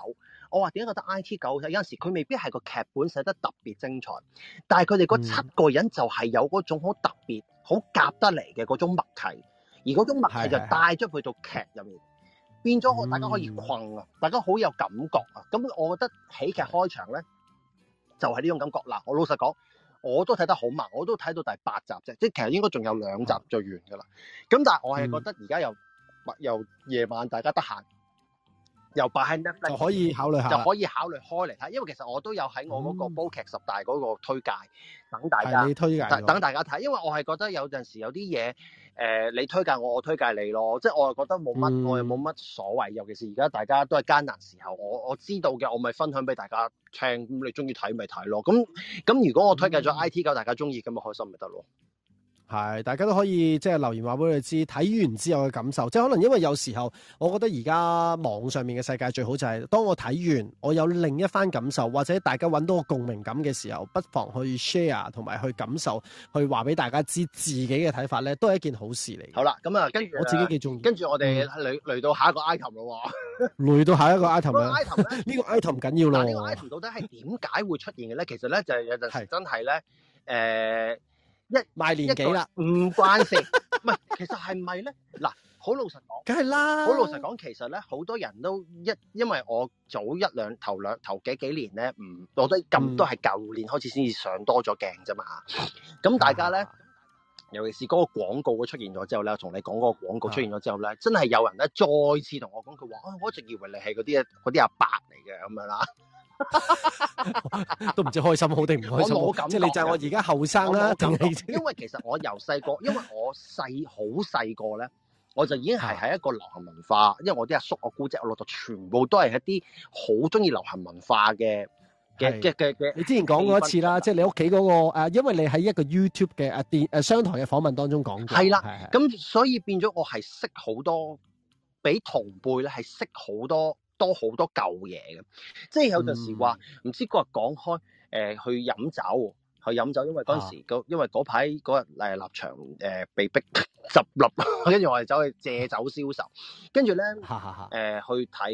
我話點解覺得 i t 九有陣時佢未必係個劇本寫得特別精彩，但係佢哋嗰七個人就係有嗰種好特別好夾得嚟嘅嗰種默契，而嗰種默契就帶咗去到劇入面，是的是的變咗大家可以困啊，嗯、大家好有感覺啊。咁我覺得喜劇開場咧。就係呢種感覺嗱，我老實講，我都睇得好慢，我都睇到第八集啫，即其實應該仲有兩集就完㗎啦。咁、嗯、但係我係覺得而家又，又夜晚大家得閒。由 b e h 可以考慮下，就可以考慮開嚟睇。因為其實我都有喺我嗰個煲劇十大嗰個推介，等、嗯、大家推介，等大家睇。因為我係覺得有陣時有啲嘢，誒、呃，你推介我，我推介你咯。即係我係覺得冇乜，嗯、我又冇乜所謂。尤其是而家大家都係艱難時候，我我知道嘅，我咪分享俾大家聽。咁你中意睇咪睇咯。咁咁如果我推介咗 I T 嘅，大家中意咁咪開心咪得咯。係，大家都可以即係留言話俾你知睇完之後嘅感受。即係可能因為有時候，我覺得而家網上面嘅世界最好就係、是，當我睇完，我有另一番感受，或者大家揾到個共鳴感嘅時候，不妨去 share 同埋去感受，去話俾大家知自己嘅睇法咧，都係一件好事嚟。好啦，咁啊，跟住、啊、我自己幾中意，跟住我哋嚟嚟到下一個 item 咯喎，嚟 <laughs> 到下一個 item 啊？個呢 <laughs> 呢個 item 唔緊要咯。嗱，呢個 item 到底係點解會出現嘅咧？ <laughs> 其實咧就係有陣時真係咧，誒。一賣年紀啦？唔關事，唔係， <laughs> 其實係咪咧？嗱，好老實講，梗係啦。好老實講，其實咧，好多人都一，因為我早一兩頭兩頭幾幾年咧，唔，我都咁都係舊年開始先至上多咗鏡啫嘛。咁大家咧， <laughs> 尤其是嗰個廣告出現咗之後咧，同你講嗰個廣告出現咗之後咧，真係有人咧再次同我講，佢話：我一直以為你係嗰啲啲阿伯嚟嘅，咁樣啦。 <laughs> 都唔知開心好定唔開心，好，即係你就係我而家後生啦。因為其實我由細個，因為我細好細個咧，我就已經係喺一個流行文化。啊、因為我啲阿叔、叔、阿姑姐，我老豆全部都係一啲好中意流行文化嘅嘅嘅嘅。的你之前講過一次啦，即係分的你屋企嗰個誒，因為你喺一個 YouTube 嘅誒電誒商台嘅訪問當中講嘅。係啦，咁所以變咗我係識好多，比同輩咧係識好多。多好多舊嘢嘅，即係有陣時話唔、嗯、知嗰日講開，誒、呃、去飲酒，去飲酒，因為嗰陣時、啊、因為嗰排嗰日立場誒、呃、被逼執笠，跟住 <laughs> 我哋走去借酒消愁。跟住咧誒去睇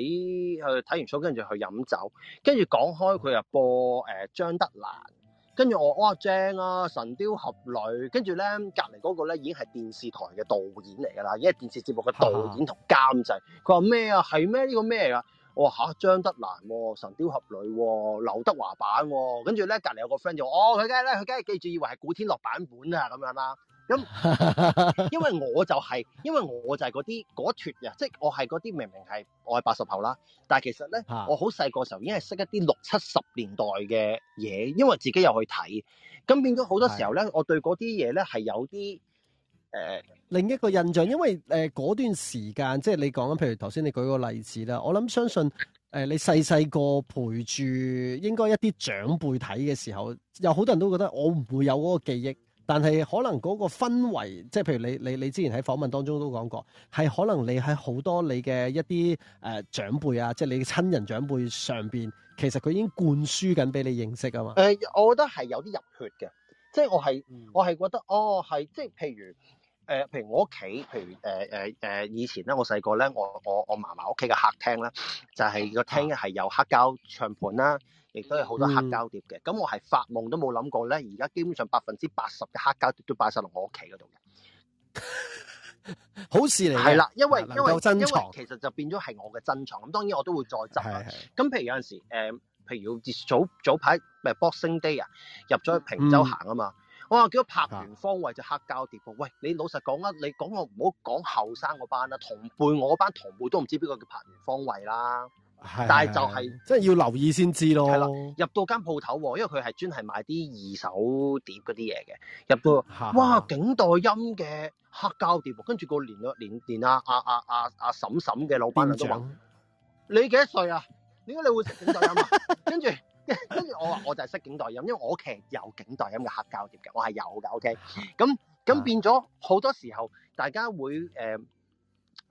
去睇完 show 跟住去飲酒，跟住講開佢又播誒、嗯呃、張德蘭。跟住我，哇、哦，正啊，《神雕俠侶》。跟住咧，隔離嗰個咧已經係電視台嘅導演嚟㗎啦，已經係電視節目嘅導演同監製。佢話咩啊？係咩？呢個咩啊？我話嚇，張德蘭喎，《神雕俠侶》喎，劉德華版、啊。跟住咧，隔離有個 friend 就話，哦，佢梗係，佢梗係記住以為係古天樂版本啊，咁樣啦。咁、 <laughs> 就是，因為我就係，因為我就係嗰啲嗰脫嘅，即係我係嗰啲明明係我係八十後啦，但係其實咧，啊、我好細個時候已經係識一啲六七十年代嘅嘢，因為自己又去睇，咁變咗好多時候咧，我對嗰啲嘢咧係有啲誒、呃、另一個印象，因為誒嗰、呃、段時間，即係你講緊，譬如頭先你舉個例子啦，我諗相信誒、呃、你細細個陪住應該一啲長輩睇嘅時候，有好多人都覺得我唔會有嗰個記憶。但係可能嗰個氛圍，即係譬如你你你之前喺訪問當中都講過，係可能你喺好多你嘅一啲誒長輩啊，即係你嘅親人長輩上邊，其實佢已經灌輸緊俾你認識啊嘛。誒、呃，我覺得係有啲入血嘅，即係我係我係覺得，嗯、哦係，即係譬如誒、呃，譬如我屋企，譬如誒誒誒，以前咧我細個咧，我我我嫲嫲屋企嘅客廳咧，就係、是、個廳係有黑膠唱盤啦。嗯呃亦都係好多黑膠碟嘅，咁、嗯、我係發夢都冇諗過咧。而家基本上百分之八十嘅黑膠碟都擺晒落我屋企嗰度嘅， <laughs> <laughs> 好事嚟。係啦，因為因為因為其實就變咗係我嘅珍藏，咁當然我都會再執啦。咁的譬如有陣時誒、呃，譬如早早排咪 Boxing Day 啊，入咗去坪洲行啊嘛，嗯、我話叫拍完方位就黑膠碟的喂，你老實講啊，你講我唔好講後生嗰班啦、啊，同輩我嗰班同輩都唔知邊個叫拍完方位啦。但係就係、是，即係要留意先知咯。係啦，入到間鋪頭，因為佢係專係買啲二手碟嗰啲嘢嘅。入到， <laughs> 哇，景代音嘅黑膠碟，跟住個年年連連阿阿阿阿阿嬸嬸嘅老闆都話：掌你幾多歲啊？點解你會識景代音啊？跟住跟住我話我就係識景代音，因為我其實有景代音嘅黑膠碟嘅，我係有㗎。OK，咁咁變咗好多時候，大家會誒。呃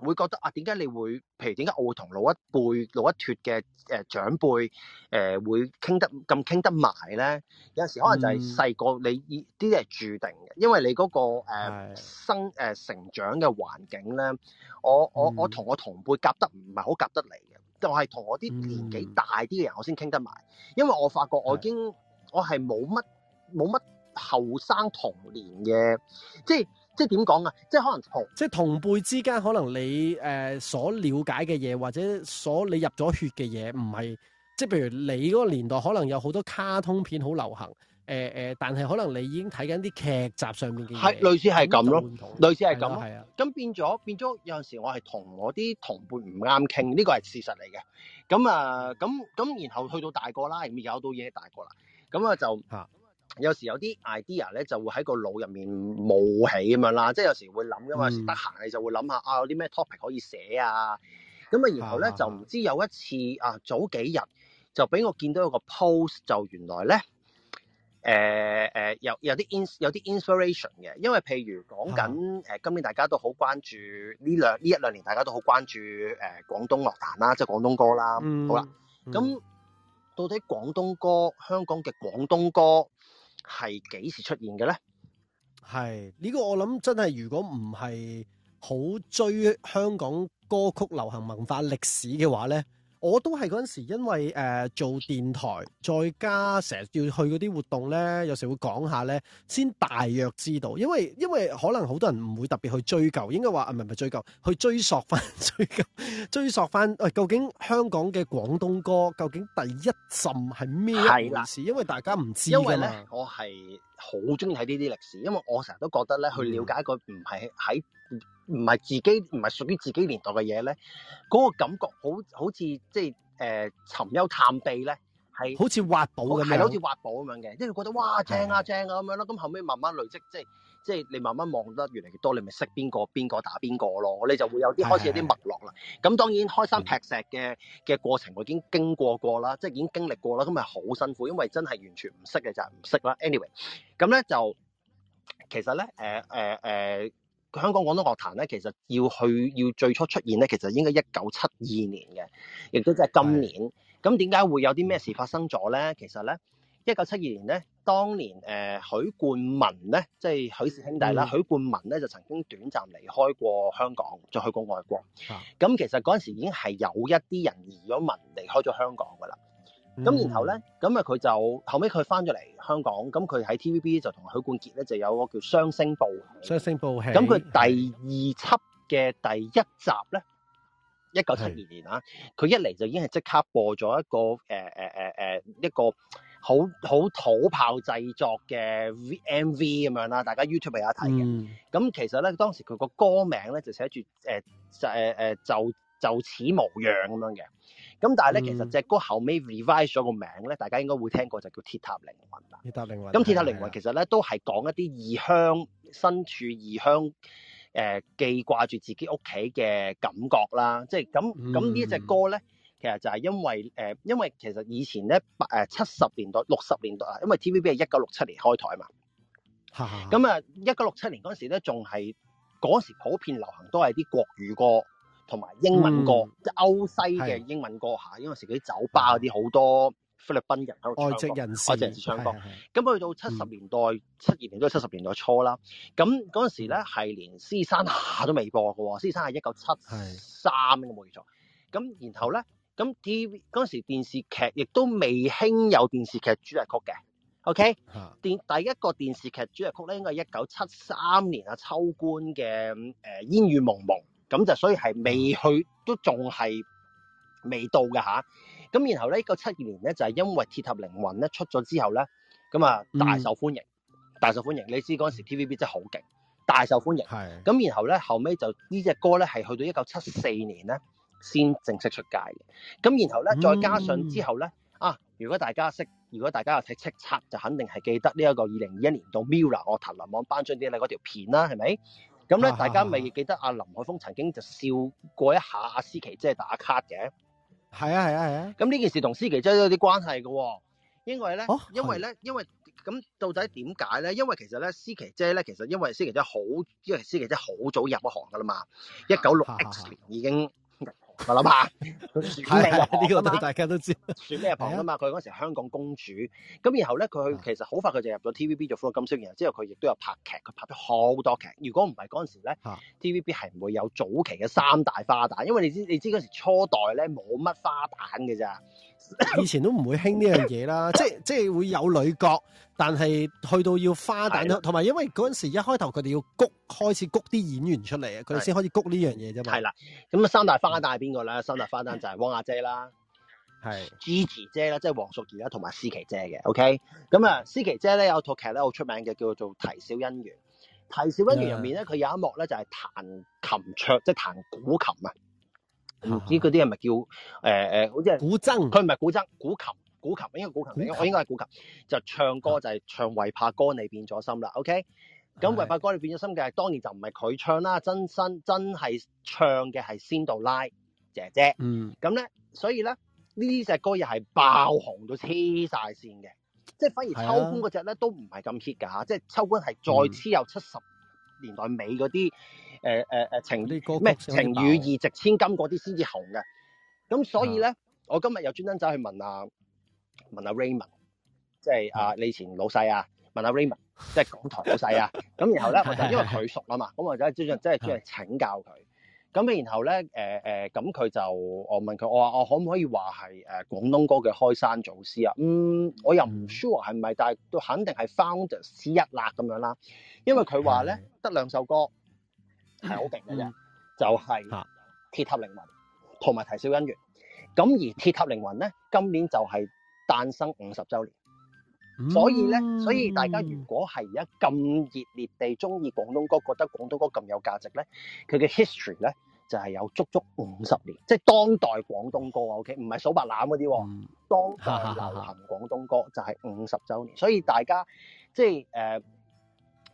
會覺得啊，點解你會，譬如點解我會同老一輩、老一脱嘅誒長輩誒、呃、會傾得咁傾得埋咧？有陣時可能就係細個你啲係、嗯、注定嘅，因為你嗰、嗰個、呃、的生誒、呃、成長嘅環境咧，我我、嗯、我同我同輩夾得唔係好夾得嚟嘅，我係同我啲年紀大啲嘅人我先傾得埋，因為我發覺我已經是的我係冇乜冇乜後生童年嘅，即係。即係點講啊？即係可能同即係同輩之間，可能你誒、呃、所了解嘅嘢，或者所你入咗血嘅嘢，唔係即係譬如你嗰個年代，可能有好多卡通片好流行，誒、呃、誒、呃，但係可能你已經睇緊啲劇集上面嘅嘢，係類似係咁咯，類似係咁係啊。咁變咗變咗，有陣時我係同我啲同輩唔啱傾，呢個係事實嚟嘅。咁啊，咁咁，那那然後去到大個啦，咁而家都已經大個啦。咁啊就嚇。有時有啲 idea 咧，就會喺個腦入面冒起咁樣啦。即係有時會諗㗎嘛，得閒、嗯、你就會諗下啊，有啲咩 topic 可以寫啊。咁啊，然後咧就唔知有一次啊，早幾日就俾我見到一個 post，就原來咧誒誒有有啲 ins 有啲 inspiration 嘅，因為譬如講緊誒今年大家都好關注呢兩呢一兩年大家都好關注誒、呃、廣東樂壇啦，即、就、係、是、廣東歌啦。嗯、好啦，咁、嗯、到底廣東歌、香港嘅廣東歌？係幾時出現嘅咧？係呢個我諗真係，如果唔係好追香港歌曲流行文化歷史嘅話咧。我都係嗰陣時，因為誒做電台，再加成日要去嗰啲活動咧，有時會講下咧，先大約知道。因為因為可能好多人唔會特別去追究，應該話啊唔係唔追究，去追索翻追究追索翻喂，究竟香港嘅廣東歌究竟第一陣係咩歷史？因為大家唔知㗎嘛。因為咧，我係好中意睇呢啲歷史，因為我成日都覺得咧，去了解一個唔係喺。唔係自己，唔係屬於自己年代嘅嘢咧，嗰個感覺好好似即係誒尋幽探秘咧，係好似挖寶嘅，係好似挖寶咁樣嘅，即係覺得哇，正啊，正啊咁樣啦，咁後尾慢慢累積，即係即係你慢慢望得越嚟越多，你咪識邊個邊個打邊個咯，你就會有啲開始有啲脈絡啦。咁當然開山劈石嘅嘅、嗯、過程我已經經過過啦，即係已經經歷過啦，咁咪好辛苦，因為真係完全唔識嘅就係唔識啦。Anyway，咁咧就其實咧，誒誒誒。呃呃香港廣東樂壇咧，其實要去要最初出現咧，其實應該一九七二年嘅，亦都即係今年。咁點解會有啲咩事發生咗咧？嗯、其實咧，一九七二年咧，當年誒許冠文咧，即係許氏兄弟啦，許冠文咧、嗯、就曾經短暫離開過香港，再去過外國。咁的其實嗰陣時候已經係有一啲人移咗民離開咗香港㗎啦。咁、嗯、然後咧，咁啊佢就後尾佢返咗嚟香港，咁佢喺 TVB 就同許冠傑咧就有一個叫雙星報喜雙星報喜，咁佢第二輯嘅第一集咧，的年他一九七二年啊，佢一嚟就已經係即刻播咗一個誒誒誒誒一個好好土炮製作嘅 v MV 咁樣啦，大家 YouTube 有得睇嘅。咁、嗯、其實咧，當時佢個歌名咧就寫住誒就誒誒就就此無恙咁樣嘅。咁、嗯、但係咧，其實隻歌後尾 revise 咗個名咧，大家應該會聽過，就叫《鐵塔凌雲》啦。鐵塔凌雲咁，《鐵塔凌雲》其實咧都係講一啲異鄉身處異鄉，誒、呃、記掛住自己屋企嘅感覺啦。即係咁咁呢隻歌咧，其實就係因為誒、呃，因為其實以前咧，八七十年代、六十年代啊，因為 TVB 係一九六七年開台嘛。嚇哈！咁啊，一九六七年嗰陣時咧，仲係嗰時普遍流行都係啲國語歌。同埋英文歌，即係歐西嘅英文歌吓，因為時啲酒吧嗰啲，好多菲律賓人喺度唱歌，外籍人士喺度唱歌。咁去到七十年代，七二年都係七十年代初啦。咁嗰陣時咧係連《獅子山下》都未播嘅，《獅子山下》一九七三咁冇記錯。咁然後咧，咁 TV 嗰陣時電視劇亦都未興有電視劇主題曲嘅。OK，電第一個電視劇主題曲咧，應該係一九七三年啊秋官嘅誒、煙雨蒙蒙。咁就所以係未去都仲係未到嘅吓，咁、啊、然後呢，一九七二年呢，就係、是、因為《鐵塔凌雲》呢出咗之後呢，咁啊大受歡迎，嗯、大受歡迎。你知嗰陣時 TVB 真係好勁，大受歡迎。係是。咁然後呢，後尾就呢隻歌呢，係去到一九七四年呢先正式出街嘅。咁然後呢，再加上之後呢，嗯、啊，如果大家識，如果大家有睇《叱吒》，就肯定係記得呢一個二零二一年度 MIRROR 我騰訊網頒獎典禮嗰條片啦，係咪？咁咧，大家咪記得阿林海峰曾經就笑過一下阿思琪姐打卡嘅。係啊，係啊，係啊。咁呢件事同思琪姐都有啲關係嘅、哦，因為咧，哦、因為咧，的因為咁到底點解咧？因為其實咧，思琪姐咧，其實因為思琪姐，姐好，因為思琪姐，姐好早入咗行㗎喇嘛，一九六 X 年已經是是是是。我諗下，選咩？ <laughs> <laughs> 呢 <laughs> 個大家都知 <laughs> 算，選咩旁啊嘛？佢嗰時是香港公主，咁然後咧，佢佢其實好快，佢就入咗 TVB 做歡樂今宵。然後，之後佢亦都有拍劇，佢拍咗好多劇。如果唔係嗰時咧，TVB 係唔會有早期嘅三大花旦，因為你知你知嗰時初代咧冇乜花旦嘅咋。 <laughs> 以前都唔會興呢樣嘢啦， <coughs> 即係即係會有女角，但係去到要花旦，旦同埋因為嗰陣時一開頭佢哋要谷，開始谷啲演員出嚟啊，佢哋先開始谷呢樣嘢啫嘛。係啦，咁三大花旦係邊個咧？ <coughs> 三大花旦就係汪阿姐啦，係的 Gigi 姐啦，即係黃淑儀啦，同埋司棋姐嘅。OK，咁啊，司棋姐咧有套劇咧好出名嘅，叫做《啼笑姻緣》。提小《啼笑姻緣》入面咧，佢有一幕咧就係彈琴卓，即係彈古琴啊。呢嗰啲係咪叫誒誒、呃呃？好似係古箏，佢唔係古箏，古琴，古琴應該古琴，古琴我應該係古琴。就唱歌就係唱《為怕哥》。你變咗心啦，OK？咁的《為怕哥》你變咗心嘅，當年就唔係佢唱啦，真身真真係唱嘅係仙杜拉姐姐。嗯，咁咧，所以咧呢隻歌又係爆紅到黐晒線嘅，即係反而秋官嗰隻咧都唔係咁 hit 㗎嚇，即係秋官係再次有七十年代尾嗰啲。嗯誒誒誒，情咩情與意值千金嗰啲先至紅嘅。咁所以咧，嗯、我今日又專登走去問阿、啊、問阿、啊、Raymond，即係阿、啊嗯、你以前老細啊，問阿、啊、Raymond 即係港台老細啊。咁 <laughs> 然後咧，我就因為佢熟啊嘛，咁 <laughs> 我就即係即係請教佢。咁、嗯、然後咧，誒、呃、誒，咁、呃、佢就我問佢，我話我可唔可以話係誒廣東歌嘅開山祖師啊？嗯，我又唔 sure 係咪，嗯、但係都肯定係 founder 之一啦咁樣啦。因為佢話咧得兩首歌。係好勁嘅啫，是的嗯、就係鐵塔凌雲同埋啼笑姻緣。咁而鐵塔凌雲咧，今年就係誕生五十週年。嗯、所以咧，所以大家如果係而家咁熱烈地中意廣東歌，覺得廣東歌咁有價值咧，佢嘅 history 咧就係、是、有足足五十年，即、就、係、是、當代廣東歌啊。O K，唔係數白欖嗰啲，嗯、當代流行廣東歌就係五十週年。哈哈哈哈所以大家即係誒。呃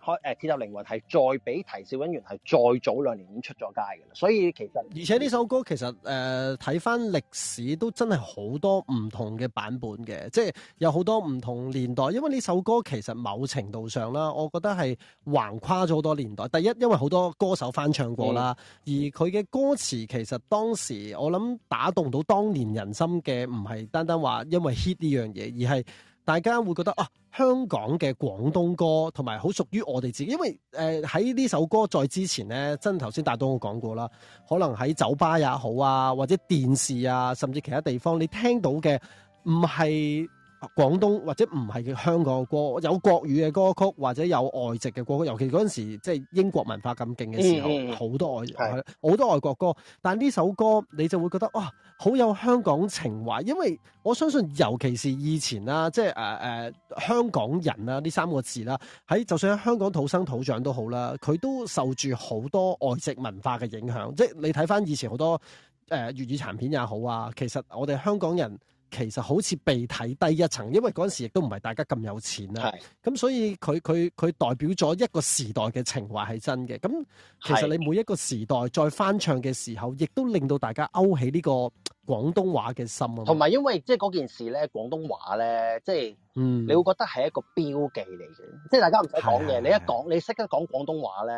開誒，鐵塔凌雲係再比啼笑姻緣係再早兩年已經出咗街嘅啦，所以其實，而且呢首歌其實誒睇翻歷史都真係好多唔同嘅版本嘅，即係有好多唔同年代，因為呢首歌其實某程度上啦，我覺得係橫跨咗好多年代。第一，因為好多歌手翻唱過啦，嗯、而佢嘅歌詞其實當時我諗打動到當年人心嘅，唔係單單話因為 hit 呢樣嘢，而係大家會覺得啊。香港嘅廣東歌，同埋好屬於我哋自己，因為誒喺呢首歌再之前呢，真頭先大多大東我講過啦，可能喺酒吧也好啊，或者電視啊，甚至其他地方你聽到嘅唔係，廣東或者唔係嘅香港歌，有國語嘅歌曲或者有外籍嘅歌曲，尤其嗰陣時即係英國文化咁勁嘅時候，好、mm hmm. 多外好的多外國歌。但呢首歌你就會覺得啊、哦，好有香港情懷，因為我相信尤其是以前啦，即係、呃、香港人啦呢三個字啦，喺就算喺香港土生土長都好啦，佢都受住好多外籍文化嘅影響。即係你睇翻以前好多誒、呃、粵語殘片也好啊，其實我哋香港人。其實好似被睇低一層，因為嗰陣時亦都唔係大家咁有錢啦、啊。係，咁所以佢佢佢代表咗一個時代嘅情懷係真嘅。咁其實你每一個時代再翻唱嘅時候，亦都令到大家勾起呢個廣東話嘅心啊。同埋因為即係嗰件事咧，廣東話咧，即係，嗯，你會覺得係一個標記嚟嘅。嗯、即係大家唔使講嘢，你一講你識得講廣東話咧。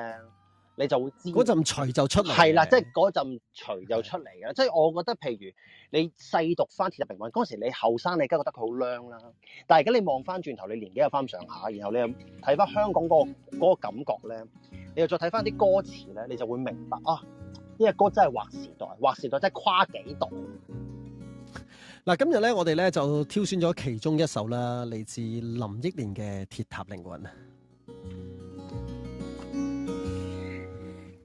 你就會知嗰陣馳就出嚟，係啦，即係嗰陣馳就出嚟嘅啦。即係的我覺得，譬如你細讀翻《鐵塔凌雲》，嗰時你後生，你梗覺得佢好靚啦。但係而家你望翻轉頭，你年紀又翻咁上下，然後你又睇翻香港嗰個嗰個感覺咧，你又再睇翻啲歌詞咧，你就會明白啊！呢隻歌真係劃時代，劃時代真係跨幾代。嗱，今日咧，我哋咧就挑選咗其中一首啦，嚟自林憶蓮嘅《鐵塔凌雲》。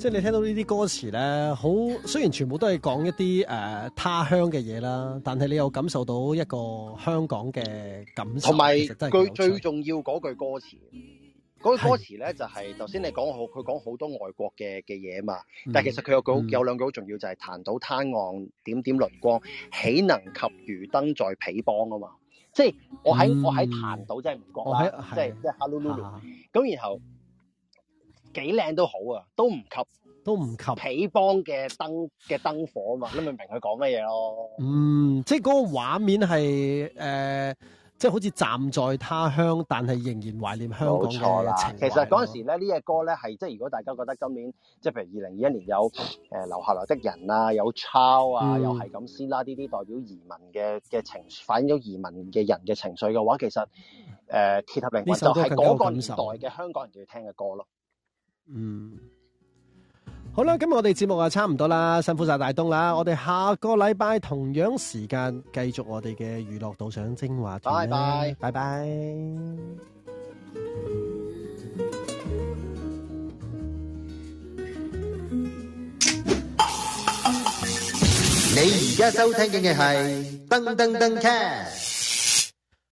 即係你聽到這些詞呢啲歌詞咧，好雖然全部都係講一啲誒、呃、他鄉嘅嘢啦，但係你又感受到一個香港嘅感受。同埋佢最重要嗰句歌詞，嗰句歌詞咧是就係頭先你講好，佢講好多外國嘅嘅嘢嘛。嗯、但係其實佢有句有兩句好重要，嗯、就係檀島灘岸點點磷光，豈能及漁燈在彼邦啊嘛。即係我喺、嗯、我喺檀島真係唔講即係即係哈魯魯魯。咁然後。幾靚都好啊，都唔及都唔及彼邦嘅燈嘅燈火啊嘛，你明唔明佢講乜嘢咯？嗯，即係嗰個畫面係誒、呃，即係好似站在他鄉，但係仍然懷念香港嘅情。冇錯啦，其實嗰陣時咧呢隻歌咧係即係如果大家覺得今年即係譬如二零二一年有誒流、呃、下流的人啊，有抄啊，嗯、又係咁先啦，呢啲代表移民嘅嘅情緒，反映咗移民嘅人嘅情緒嘅話，其實誒《鐵塔凌雲》就係嗰個年代嘅香港人要聽嘅歌咯。嗯，好啦，咁我哋節目啊差唔多啦，辛苦晒大東啦，我哋下個禮拜同樣時間繼續我哋嘅娛樂導賞精華。拜拜，拜拜。你而家收聽緊嘅係噔噔噔 c